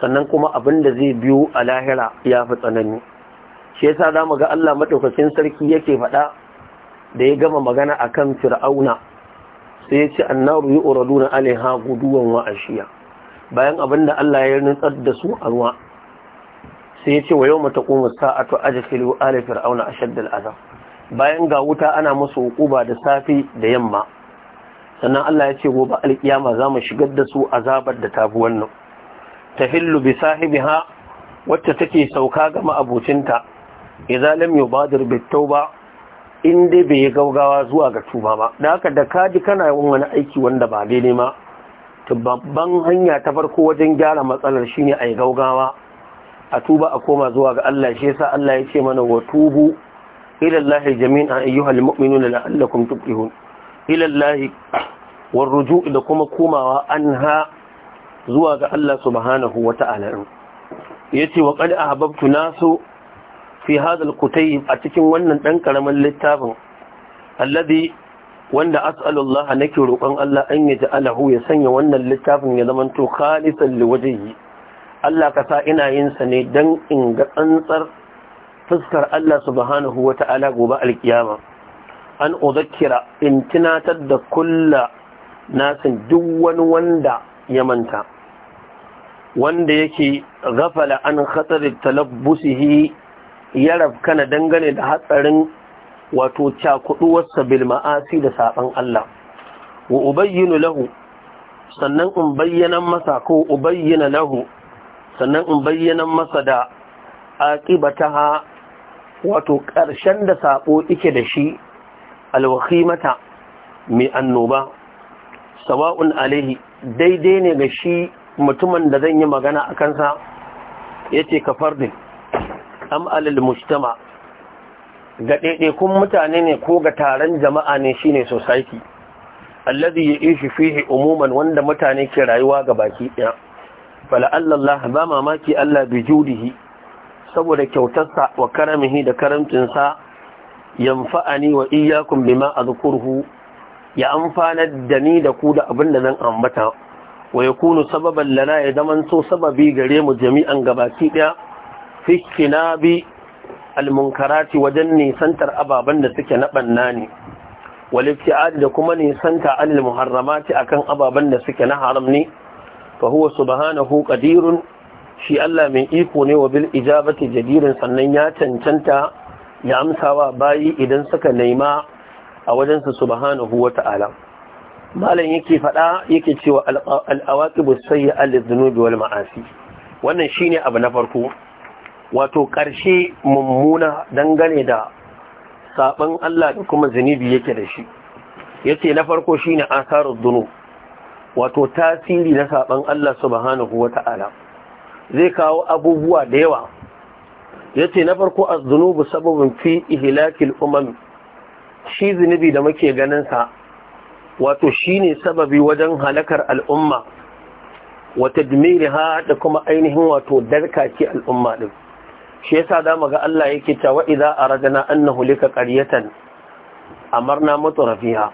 sannan kuma abin da zai biyo a lahira ya fi tsanani shi yasa za mu ga Allah madaukakin sarki yake faɗa da ya gama magana a kan fir'auna sai ya ce annaru yu'raduna alaiha guduwan wa ashiya bayan abin da Allah ya nutsar da su a ruwa sai ya ce wa yau mata kuma sa'atu alifir auna a ashadda al'azab bayan ga wuta ana masu hukuma da safi da yamma sannan Allah ya ce gobe alkiyama za mu shigar da su azabar da tafi wannan tahillu bi sahibiha wacce take sauka ga ma'abucinta yau ba da bit tauba in dai bai yi gaugawa zuwa ga tuba ba da haka da kaji kana yin wani aiki wanda ba daidai ma to babban hanya ta farko wajen gyara matsalar shine a yi gaugawa a tuba a koma zuwa ga Allah shi yasa Allah ya ce mana wa tubu ila Allah jami'an ayyuhal mu'minuna la'allakum tuflihun ila Allah war ruju' da kuma komawa anha zuwa ga Allah subhanahu wata'ala yace wa qad ahbabtu nasu fi hadha al-kutayb a cikin wannan dan karaman littafin alladhi wanda as'alullaha nake roƙon Allah an yaj'alahu ya sanya wannan littafin ya zamanto khalisan liwajhihi Allah ka sa ina yin sa ne don in ga tsantsar fuskar Allah subhanahu ta'ala gobe alkiyama an uzakkira in tunatar da kulla nasin duk wani wanda ya manta wanda yake gafala an khatsarin talabbusihi ya rabkana dangane da hatsarin wato cakuduwarsa bil ma'asi da saban Allah wa ubayyinu lahu sannan in bayyana masa ko ubayyana lahu sannan in bayyana masa da ha, wato ƙarshen da sabo yake da shi mata, mai annoba sawa'un alaihi daidai ne ga shi mutumin da zan yi magana a kansa Ya yace kafardin am alal ga ɗaiɗaikun mutane ne ko ga taron jama'a ne shine society allazi ya ishi fihi umuman wanda mutane ke rayuwa ga baki ɗaya fala'allallah ba mamaki Allah bi judihi saboda kyautarsa wa karamihi da karamcinsa yamfa'ani wa iyakun bima azkurhu ya amfanar da ni da ku da abin da zan ambata wa yakunu sababan lana ya zaman so sababi gare mu jami'an gabaki daya fi bi almunkarati wajen nisantar ababen da suke na banna ne wal da kuma nisanta anil muharramati akan ababen da suke na haram ne fa huwa subhanahu qadirun shi Allah mai iko ne wa bil ijabati jadirin sannan ya cancanta ya amsawa bayi idan suka nema a wajensa subhanahu wa ta'ala malam yake faɗa yake cewa al'awaƙibu sai al'izunubi wal ma'asi wannan shine abu na farko wato ƙarshe mummuna dangane da sabon Allah da kuma zunubi yake da shi yace na farko shine asarud dunub wato tasiri na saban Allah subhanahu wata'ala zai kawo abubuwa da yawa Ya ce na farko a zunubu sababin fi ihilakil umar shi zunubi da muke ganin sa wato shine sababi wajen halakar al'umma wa ha da kuma ainihin wato darkaki al'umma ɗin shi yasa da ga Allah yake cewa idza aradna annahu lika qaryatan amarna mutrafiha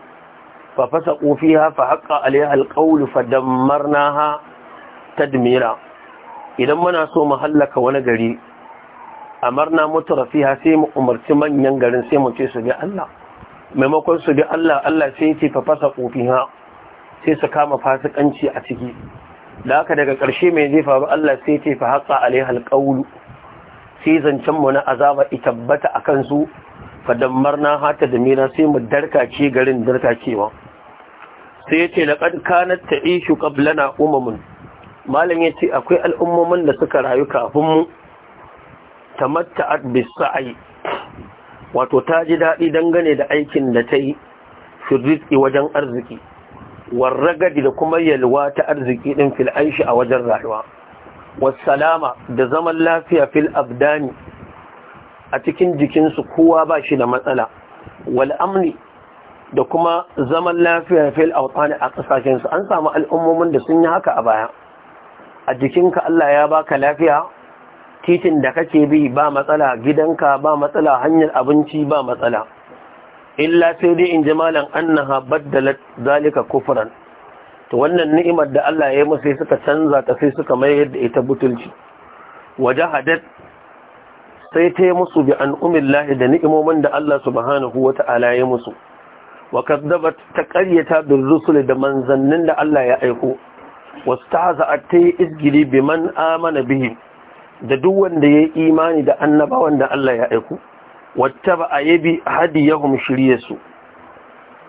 fa fasaqu fa haqqa alaiha alqawlu idan muna so mu hallaka wani gari amarna mutura fiha sai mu umarci manyan garin sai mu ce su bi Allah maimakon su bi Allah Allah sai ya ce fa fasaqu sai su kama fasikanci a ciki da haka daga ƙarshe mai zai faru Allah sai ce fa haƙa alaiha alƙawlu sai zancen mu na azaba tabbata a kansu fa dammarna hata da sai mu darkace garin darkacewa sai ya ce laƙad kanar ta ishu ƙablana umamun malam ya ce akwai al'ummomin da suka rayu kafin mu ta a yi wato ta ji daɗi dangane da aikin da ta yi riski wajen arziki warragadi da kuma yalwa ta arziki ɗin fil aishi a wajen rayuwa wasalama da zaman lafiya fil abdani a cikin jikinsu kowa ba shi da matsala wal amni da kuma zaman lafiya fil autani a kasashen su an samu al'ummomin da sun yi haka a baya a jikinka Allah ya baka lafiya titin da kake bi ba matsala gidanka ba matsala hanyar abinci ba matsala illa sai dai in jimalan annaha baddalat zalika kufran to wannan ni'imar da Allah ya yi musu suka canza ta sai suka mayar da ita butulci wajahadat sai ta yi musu bi an umillahi da ni'imomin da Allah subhanahu wata'ala ya yi musu wa kadzabat ta qaryata bil rusul da manzannin da Allah ya aiko wasu ta izgili biman amana bihi da duk wanda ya imani da annabawan da Allah ya aiko wattaba yahum shirye shiriyasu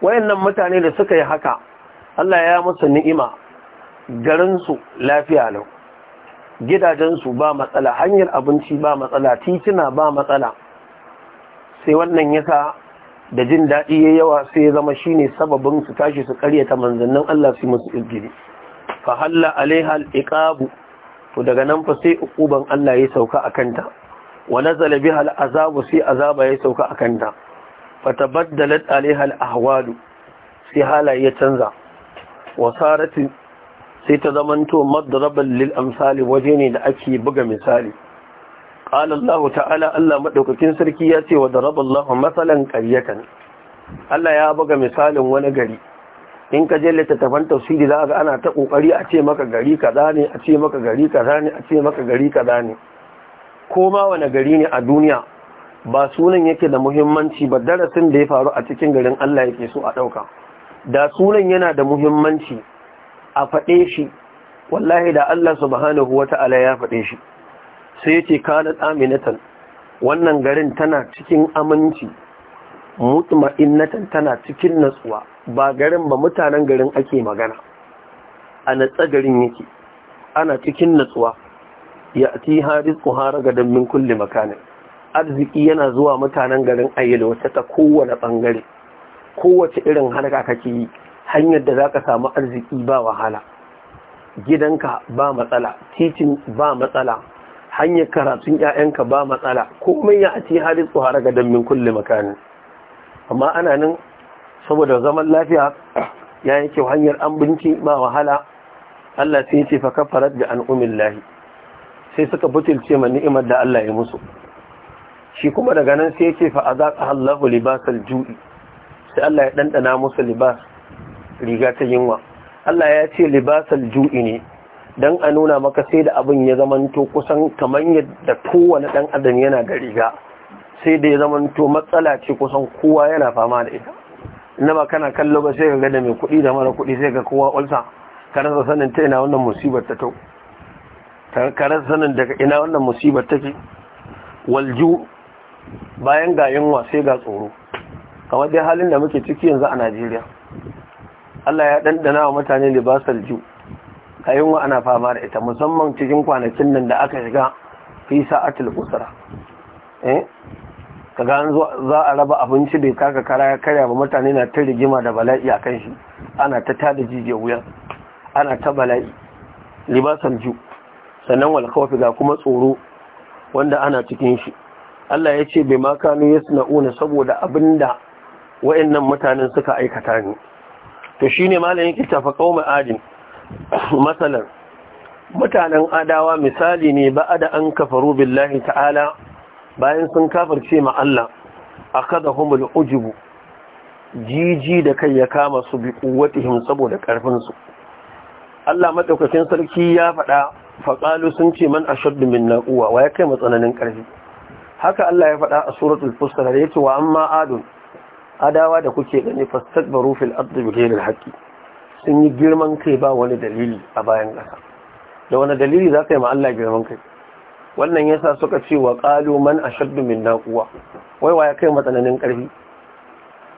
wayannan mutane da suka yi haka Allah ya musu ni'ima garinsu lafiya lau gidajensu ba matsala hanyar abinci ba matsala titina ba matsala sai wannan yasa da jin daɗi ya yawa sai ya zama shi ne sababin su tashi su karyata manzannin Allah su masu ilgiri. fa halla alaiha iƙabu, to daga nan fa sai uquban Allah ya sauka a kanta wa nazala bihal azabu sai azaba ya sauka a kanta fa tabaddalat alaiha al'ahwalu sai halaye ya canza wa saratin sai ta zamanto madraban lil amsali waje ne da ake buga misali قال الله تعالى الله ce سركي ياتي وضرب الله مثلا قرية الله يا buga مثال وانا غري in ka je littattafan tafsiri za ga ana ta kokari a ce maka gari kaza ne a ce maka gari kaza ne a ce maka gari kaza ne wani gari ne a duniya ba sunan yake da muhimmanci ba darasin da ya faru a cikin garin Allah yake so a dauka da sunan yana da muhimmanci a faɗe shi wallahi da Allah subhanahu wata'ala ya faɗe shi sai yace kanat aminatan wannan garin tana cikin aminci mutma'innatan tana cikin natsuwa ba garin ba mutanen garin ake magana a natsa garin yake ana cikin natsuwa ya ti haris kuhara ga min kulle makanin arziki yana zuwa mutanen garin ayyala wata ta kowane bangare kowace irin harka kake yi hanyar da za ka samu arziki ba wahala gidanka ba matsala titin ba matsala hanyar karatun 'ya'yanka ba matsala komai ya ati halin tsohara ga dammin kulle makani amma ana nan saboda zaman lafiya ya yi kyau hanyar an binci ba wahala Allah sai ce fa kafarat da al’umin lahi sai suka butulce ma ni'imar da Allah ya musu shi kuma daga nan sai ce fa azaqa Allahu libasal ju'i sai Allah ya dandana musu libas riga ta yunwa Allah ya ce libasar ju'i ne don a nuna maka sai da abin ya zamanto kusan kamar yadda kowane ɗan adam yana da riga sai da ya zamanto matsala ce kusan kowa yana fama da ita na ba kana kallo ba sai ga da mai kuɗi da mara kuɗi sai ga kowa ulsa ka rasa sanin ta ina wannan musibar ta tau ka sanin daga ina wannan musibar take walju bayan ga yunwa sai ga tsoro kamar dai halin da muke ciki yanzu a Najeriya Allah ya dandana wa mutane libasar ju ka yunwa ana fama da ita musamman cikin kwanakin nan da aka shiga fi sa'atul usra eh Ka ga za a raba abinci da kaka kara ya karya ba mutane na ta rigima da bala'i a kan shi ana ta tada jijiyar wuya ana ta bala'i libasan ju sannan wal kawfi ga kuma tsoro wanda ana cikin shi Allah ya ce bai ma kanu yasna'una saboda abinda wayannan mutanen suka aikata ne to shi shine malamin yake tafa qauma adin matsalar mutanen adawa misali ne ba da an kafaru billahi ta'ala bayan sun kafarce ma Allah a kada humul ujubu jiji da kai ya kama su bi kuwatihim saboda ƙarfinsu Allah matsaukakin sarki ya faɗa faƙalu sun ce man ashaddu min naquwa wa ya kai matsananin ƙarfi haka Allah ya faɗa a suratul ya ce wa amma adun adawa da kuke gani fastakbaru fil ardi bighayri al sun yi girman kai ba wani dalili a bayan ƙasa da wani dalili za ka yi Allah girman kai wannan yasa suka ce wa ƙalu man a shaddu min naƙuwa wai wa ya kai matsananin ƙarfi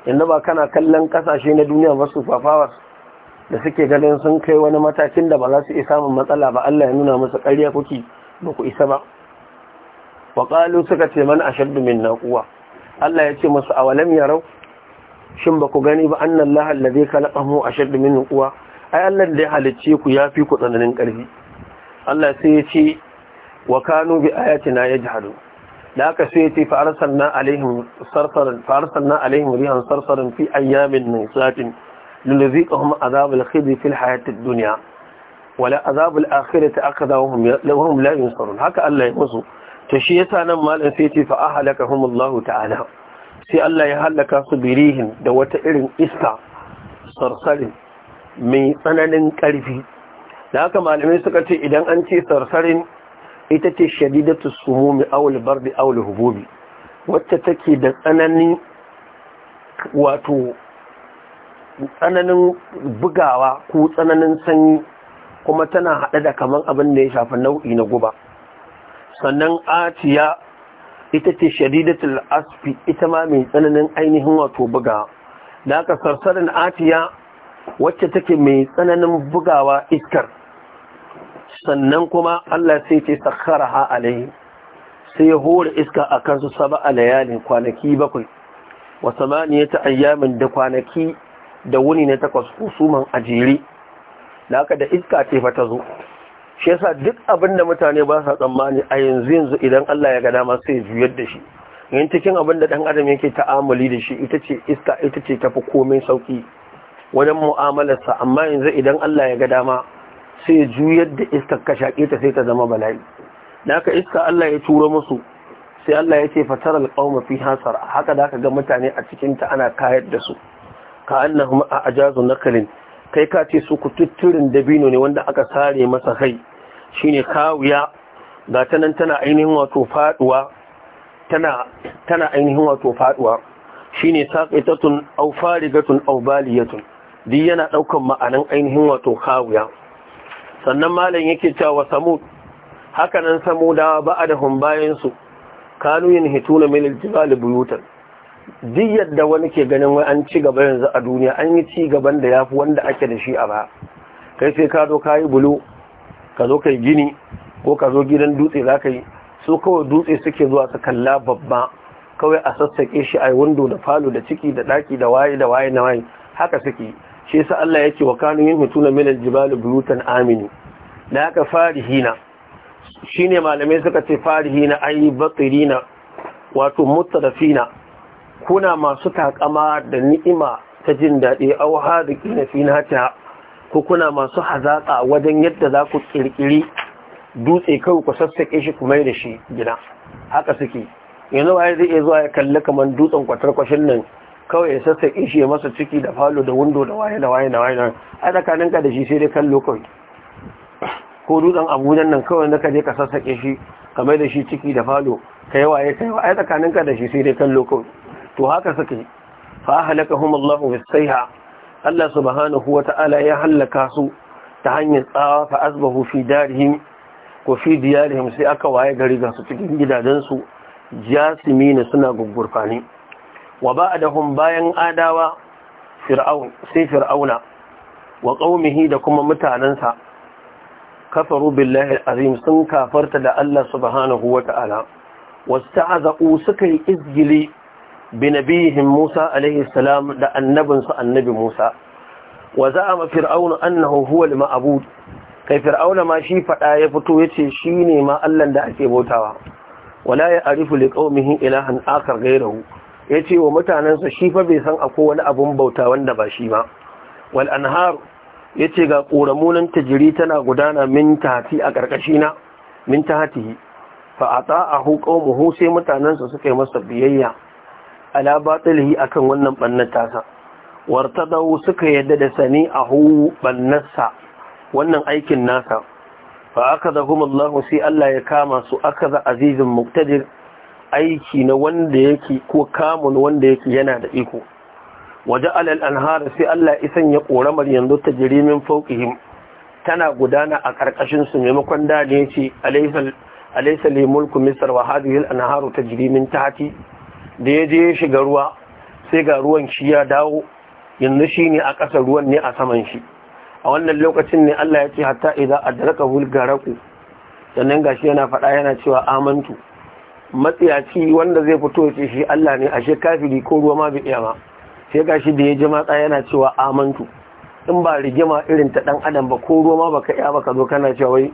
yanzu ba kana kallon ƙasashe na duniya masu fafawas da suke ganin sun kai wani matakin da ba za su iya samun matsala ba Allah ya nuna musu ƙarya kuki ba ku isa ba wa ƙalu suka ce man a shaddu min naƙuwa Allah ya ce musu awalam rau. shin ba ku gani ba annan lahal da zai mu a shaɗi min kuwa ai Allah da ya halicce ku ya fi ku tsananin ƙarfi Allah sai ya ce wa kanu bi ayatina yajhadu da aka sai ya ce fa arsalna alaihim sarsaran rihan sarsaran fi ayyamin satin. lulziqahum azab al-khizy fi al-hayat ad-dunya wala azab al-akhirati akadahum lahum la yunsarun haka Allah ya musu to shi yasa nan malam sai ya ce fa ahlakahum Allah ta'ala sai Allah ya hallaka su birihin da wata irin iska sarsarin mai tsananin ƙarfi da haka malamai suka ce idan an ce sarsarin ita ce shadidatu sumumi awul bardi awul hububi wacce take da tsananin wato tsananin bugawa ko tsananin sanyi kuma tana haɗe da kaman abin da ya shafi nau'i na guba sannan atiya ita ce shadidatul asfi ita ma mai tsananin ainihin wato buga da aka sarsarin atiya wacce take mai tsananin bugawa iskar sannan kuma Allah sai ce sakharaha alaihi sai ya hore iska a kansu saba a layalin kwanaki bakwai wa samaniya ta ayyamin da kwanaki da wuni na takwas kusuman ajiri da aka da iska ce fa ta zo shi yasa duk abin da mutane ba sa tsammani a yanzu yanzu idan Allah ya ga dama sai juyar da shi yin cikin abin da dan adam yake ta'amuli da shi ita ce iska ita ce tafi komai sauki wajen mu'amalarsa amma yanzu idan Allah ya ga dama sai juyar da iska, ka shaƙe ta sai ta zama bala'i da haka iska Allah ya turo musu sai Allah ya ce fatar fi hasar haka da ga mutane a cikin ta ana kayar da su ka annahum a ajazu nakalin kai ka ce su kututturin dabino ne wanda aka sare masa kai shine kawiya ga ta tana ainihin wato faduwa tana tana ainihin wato faduwa shine saqitatun aw farigatun aw baliyatun duk yana daukan ma'anan ainihin wato kawiya sannan malam yake cewa samud haka nan samudawa ba'adahum bayan su kanu yanhituna min al-jibal buyutan din yadda wani ke ganin wai an ci gaba yanzu a duniya an yi ci gaban da yafi wanda ake da shi a ba kai sai ka zo kayi bulu ka zo kai gini ko ka zo gidan dutse za ka yi so kawai dutse suke zuwa su kalla babba kawai a sassake shi a wando da falo da ciki da ɗaki da waye da waye na waye haka suke shi yasa Allah yake wa kanu yin hutuna min Jibalu buyutan amini da haka farihina shine malamai suka ce farihina ay batirina wato mutarafina kuna masu takama da ni'ima ta jin daɗi au da na fi ko kuna masu hazaka wajen yadda za ku ƙirƙiri dutse kawai ku sassaƙe shi kuma da shi gida haka suke yanzu waye zai iya zuwa ya kalli kamar dutsen kwatarkwashin nan kawai ya sassaƙe shi ya masa ciki da falo da windo da waye da waye da waye a tsakanin ka da shi sai dai kallo kawai ko dutsen abujan nan kawai na kaje ka sassaƙe shi kamar da shi ciki da falo ka yi waye ka yi waye tsakanin ka da shi sai dai kallo kawai to haka suke fa halakahum Allahu bisaiha Allah subhanahu ta’ala ya hallaka su ta hanyar tsawa fa asbahu fi darihim ko fi diyarihim sai aka waye gari ga su cikin gidajensu ne suna gugurfani wa ba a dahun bayan adawa sai fir'auna wa ƙaumihi da kuma mutanensa kafaru billahi azim sun kafarta da Allah subhanahu wasu wasta'azu suka yi izgili Binabihim Musa alaihi salam da annabinsu annabi Musa wa ma fir'aunu annahu huwa al-ma'bud kai fir'auna ma shi fada ya fito yace ne ma Allah da ake bautawa wala ya arifu liqaumihi ilahan akhar ghayruhu yace wa mutanansa shi fa bai san akwai wani abun bauta wanda ba shi ba wal anhar yace ga koramunan tajiri tana gudana min tahti a karkashi na min tahti fa ata'ahu qaumuhu sai mutanansa suka yi masa biyayya ala batilihi akan wannan bannan tasa wartadau suka yadda da sani a hu bannansa wannan aikin nasa fa akadahum Allah sai Allah ya kama su akaza azizun muqtadir aiki na wanda yake ko kamun wanda yake yana da iko waje alal anhara sai Allah isan ya koramar yanzu ta jirimin fauƙihim tana gudana a ƙarƙashin su maimakon da ne ce mulku limulku misar wa hadihil anharu ta jirimin tahati da ya je ya shiga ruwa sai ga ruwan shi ya dawo yanzu shi ne a ƙasa ruwan ne a saman shi a wannan lokacin ne Allah ya ce hatta idan daraka hulgaraku sannan shi yana faɗa yana cewa amantu matsiyaci wanda zai fito ce shi Allah ne ashe kafiri ko ruwa ma iya ma sai gashi da ya ji matsa yana cewa amantu in ba rigima irin ta dan adam ba ko ruwa ma baka iya ka zo kana cewa wai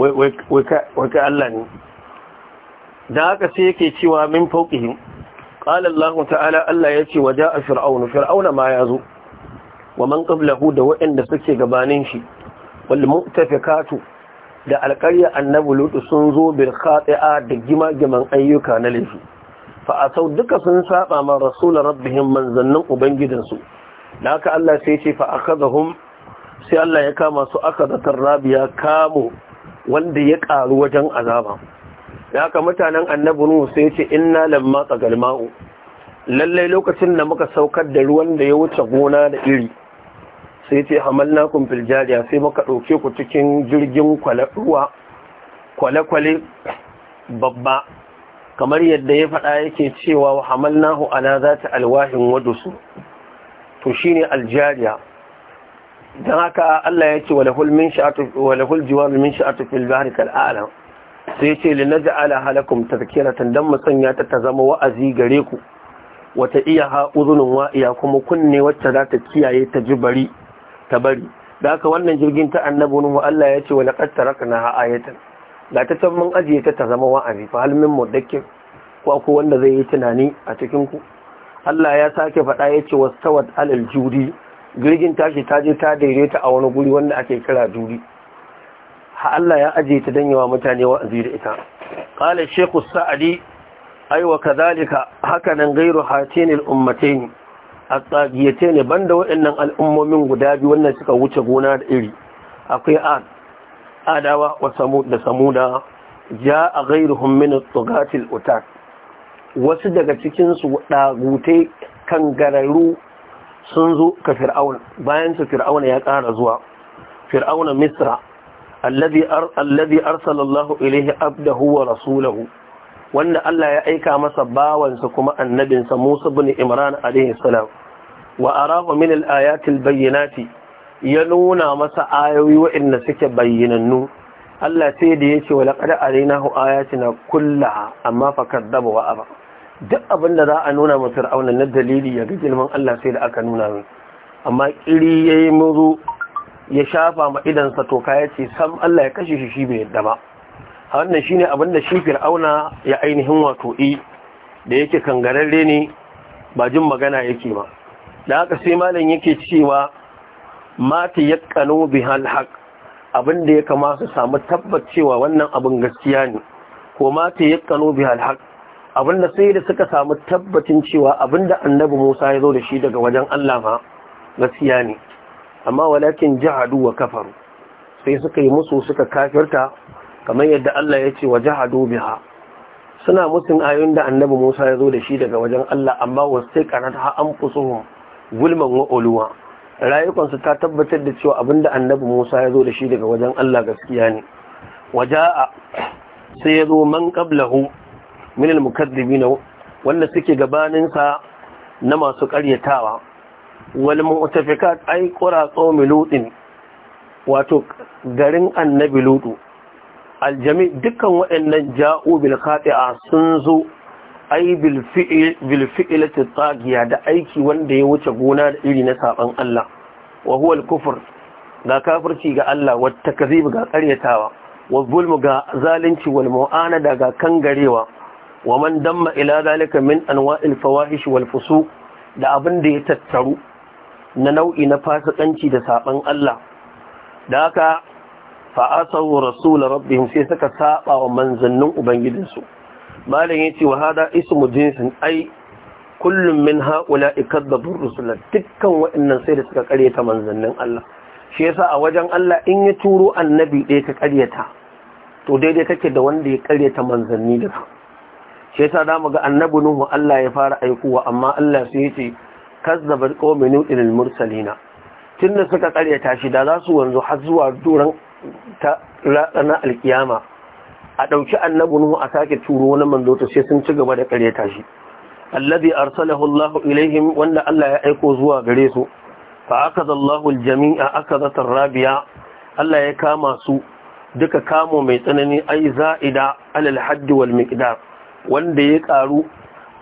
wai wai Allah ne dan haka sai yake cewa min fauqihim Allah قال الله تعالى الله يتي وجاء فرعون فرعون ما يزو ومن قبله ده وإن سكي غبانين شي والمؤتفكات da alƙarya annabi lutu sun zo bil khati'a da gima-giman ayyuka na laifi fa asau duka sun saba ma rasul rabbihim manzannin ubangijinsu da haka Allah sai ce fa akadahum sai Allah ya kama su akadatar rabiya kamo wanda ya ƙaru wajen azaba da haka mutanen annabi nuhu sai ce inna lamma tsagal lallai lokacin da muka saukar da ruwan da ya wuce gona da iri sai ce hamalnakum fil jariya sai muka dauke ku cikin jirgin ruwa kwale-kwale babba kamar yadda ya faɗa yake cewa wa hamalnahu ala zata alwahin wadusu to shine aljariya dan haka Allah ya ce walahul min sha'atu walahul min sha'atu fil bahri kal sai ce, li na ja'ala halakum tazkiratan dan mu sanya ta ta zama wa'azi gare ku wata iya ha uzunun iya kuma kunne wacce za ta kiyaye ta ji bari ta bari da haka wannan jirgin ta annabun wa Allah ya ce wa laqad tarakna ayatan da ta can mun ajiye ta ta zama wa'azi fa hal min mudakkir ko ko wanda zai yi tunani a cikin ku Allah ya sake faɗa ya ce wastawat alal juri jirgin tashi ta je ta daidaita a wani guri wanda ake kira juri. ha Allah ya ajiye ta danyewa mutane wa'azi da ita ƙalar shaykhu sa'adi ay wa kadhalika hakanan ummate ne, a at ne, banda waɗannan al'ummomin guda biyu wannan suka wuce gona da iri akwai adawa wa da samuda ja a gairu at-tughatil utat wasu daga cikin su kan kangararru sun zo ka fir'aun bayan su fir'auna ya ƙara zuwa fir'auna misra alladhi alladhi arsalallahu ilayhi abdahu wa rasulahu wanda Allah ya aika masa bawansa kuma annabinsa Musa bin Imran alaihi salam wa arahu min al-ayati al-bayyinati ya nuna masa ayoyi waɗanda suke bayyinannu Allah sai da yake wa laqad araynahu na kullaha amma fakadzaba wa aba duk abin za a nuna mu Fir'auna na dalili ya ga girman Allah sai da aka nuna min? amma kiri yayi muzu ya shafa ma idansa to ka yace sam Allah ya kashe shi shi bai yadda ba wannan shine abin da shi fir'auna ya ainihin wato i da yake kangararre ne ba jin magana yake ba da haka sai malam yake cewa ma ta yaqanu bi haqq abin da ya kama su samu tabbacewa wannan abin gaskiya ne ko ma ta yaqanu bi haqq abin da sai da suka samu tabbacin cewa abinda annabi Musa ya zo da shi daga wajen Allah ma gaskiya ne amma walakin jahadu wa kafaru sai suka yi musu suka kafirta kamar yadda Allah ya ce wa jahadu biha suna mutun ayoyin da annabi Musa ya zo da shi daga wajen Allah amma wasai karata ha an fusuhum gulman wa uluwa rayukansu ta tabbatar da cewa abinda annabi Musa ya zo da shi daga wajen Allah gaskiya ne waja'a sai ya zo man qablahu min al-mukaththibin wanda suke gabanin sa na masu ƙaryatawa wal mu'tafikat ay quratso milutin wato garin annabi lutu aljami dukkan waɗannan ja'u bil khati'a sun zo ai bil fi'l bil fi'lati tsagiya da aiki wanda ya wuce gona da iri na saban Allah wa huwa al kufr ga kafirci ga Allah wa takzib ga ƙaryatawa wa zulmu ga zalunci wal mu'anada ga kangarewa wa man damma ila zalika min anwa'il fawahish wal fusuq da abinda ya tattaru na nau'i na fasikanci da saban Allah da haka fa'asau rasul rabbihim sai suka saba wa manzannin ubangijinsu malam yace wa hada ismu jinsin ai kullum min haula ikadabu rusul dukkan waannan sai da suka karyata manzannin Allah shi yasa a wajen Allah in ya turo annabi ɗaya ka kareta to daidai kake da wanda ya karyata manzanni da shi yasa zamu ga annabi Nuhu Allah ya fara aikowa amma Allah sai yace kazzabat qawmi nutin al mursalina tunda suka karyata shi da za su wanzu har zuwa duran ta ranar alkiyama a ɗauki annabi nuhu a sake turo wani manzo ta sai sun ci gaba da karyata shi alladhi arsalahu Allah ilaihim wanda Allah ya aiko zuwa gare su fa akaza Allahu al jami'a Allah ya kama su duka kamo mai tsanani ai za'ida alal haddi wal miqdar wanda ya karu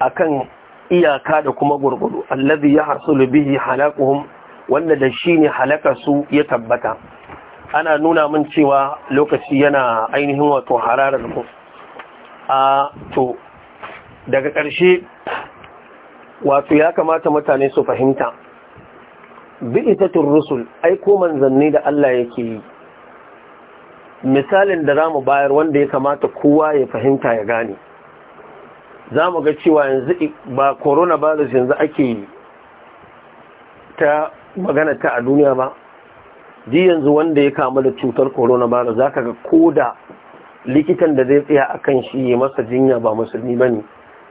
akan iyaka da kuma gurgudu allazi ya hasulu bihi halakuhum wanda da shi ne halakarsu su ya tabbata ana nuna min cewa lokaci yana ainihin wato hararar mu a to daga ƙarshe wato ya kamata mutane su fahimta bi'itatul rusul aiko manzanni da Allah yake yi misalin da za mu bayar wanda ya kamata kowa ya fahimta ya gane za mu ga cewa yanzu ba coronavirus yanzu ake ta magana ta a duniya ba ji yanzu wanda ya kama da cutar coronavirus za ka ga ko da likitan da zai tsaya akan shi ya masa jinya ba musulmi ba ne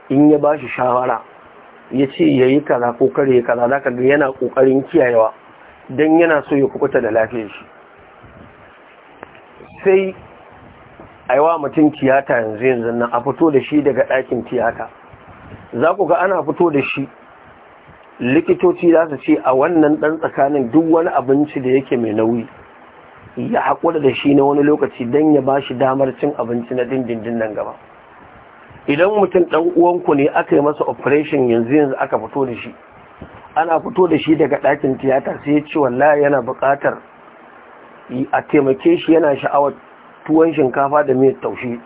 in ya ba shi shawara ya ce ya yi kaza ko kare ya kaza za ka ga yana ƙoƙarin kiyayewa don yana so ya kubuta da lafiyar shi sai aiwa mutum tiyata yanzu yanzu nan a fito da shi daga ɗakin tiyata za ku ga ana fito da shi likitoci za su ce a wannan ɗan tsakanin duk wani abinci da yake mai nauyi ya haƙura da shi na wani lokaci don ya ba shi damar cin abinci na dindindin nan gaba idan mutum ɗan uwanku ne aka yi masa operation yanzu yanzu aka fito da shi ana fito da shi daga ɗakin tiyata sai ya ce wallahi yana buƙatar a taimake shi yana sha'awar tuwon shinkafa da mai taushe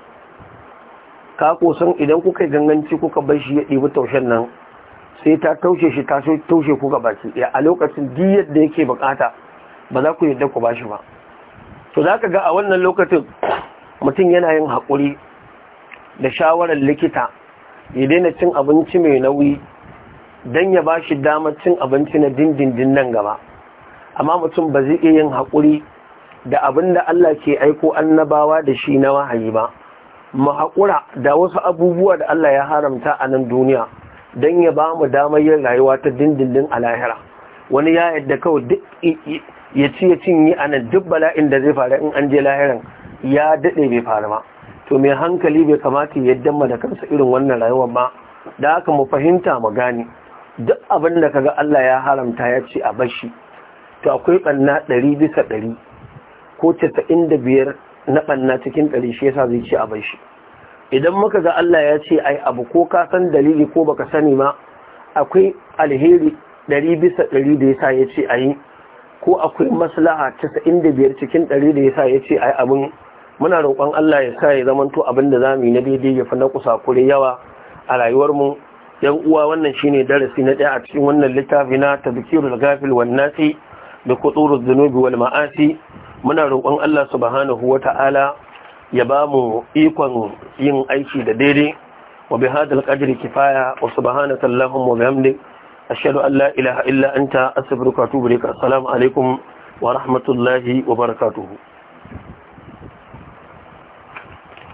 ka kosan idan kuka yi ganganci kuka bar shi ya ɗibi taushen nan sai ta taushe shi ta taushe kuka baki ɗaya a lokacin duk yadda yake bukata ba za ku yadda ku ba shi ba to za ka ga a wannan lokacin mutum yana yin haƙuri da shawarar likita ya daina cin abinci mai nauyi don ya ba shi damar cin abinci na dindindin nan gaba amma mutum ba zai iya yin haƙuri da abin da Allah ke aiko annabawa da shi na wahayi ba mu haƙura da wasu abubuwa da Allah ya haramta a nan duniya don ya ba mu damar yin rayuwa ta dindindin a lahira wani ya yadda kawai duk ya ci ya cinye a nan duk bala'in da zai faru in an je lahiran ya daɗe bai faru ba to mai hankali bai kamata ya damma da kansa irin wannan rayuwar ba da haka mu fahimta mu gane duk abin da kaga Allah ya haramta ya ce a bashi to akwai ɓanna ɗari bisa ɗari ko casa'in da biyar na ɓanna cikin ɗari shi yasa zai ce a shi idan muka ga Allah ya ce ai abu ko ka san dalili ko baka sani ma akwai alheri ɗari bisa ɗari da yasa ya ce a yi ko akwai maslaha casa'in da biyar cikin ɗari da yasa ya ce ai abin muna roƙon Allah ya sa ya zamanto abin da zamu yi na daidai ya fi na kure yawa a rayuwarmu yan uwa wannan shine darasi na ɗaya a cikin wannan littafi na tadhkirul ghafil wan nasi bi khuturuz dhunubi wal ma'asi muna roƙon Allah subhanahu wata'ala ya ba mu ikon yin aiki da daidai wa bi hadal qadri kifaya wa subhanaka allahumma wa bihamdik ashhadu an la ilaha illa anta astaghfiruka wa atubu ilaik assalamu alaikum wa rahmatullahi wa barakatuhu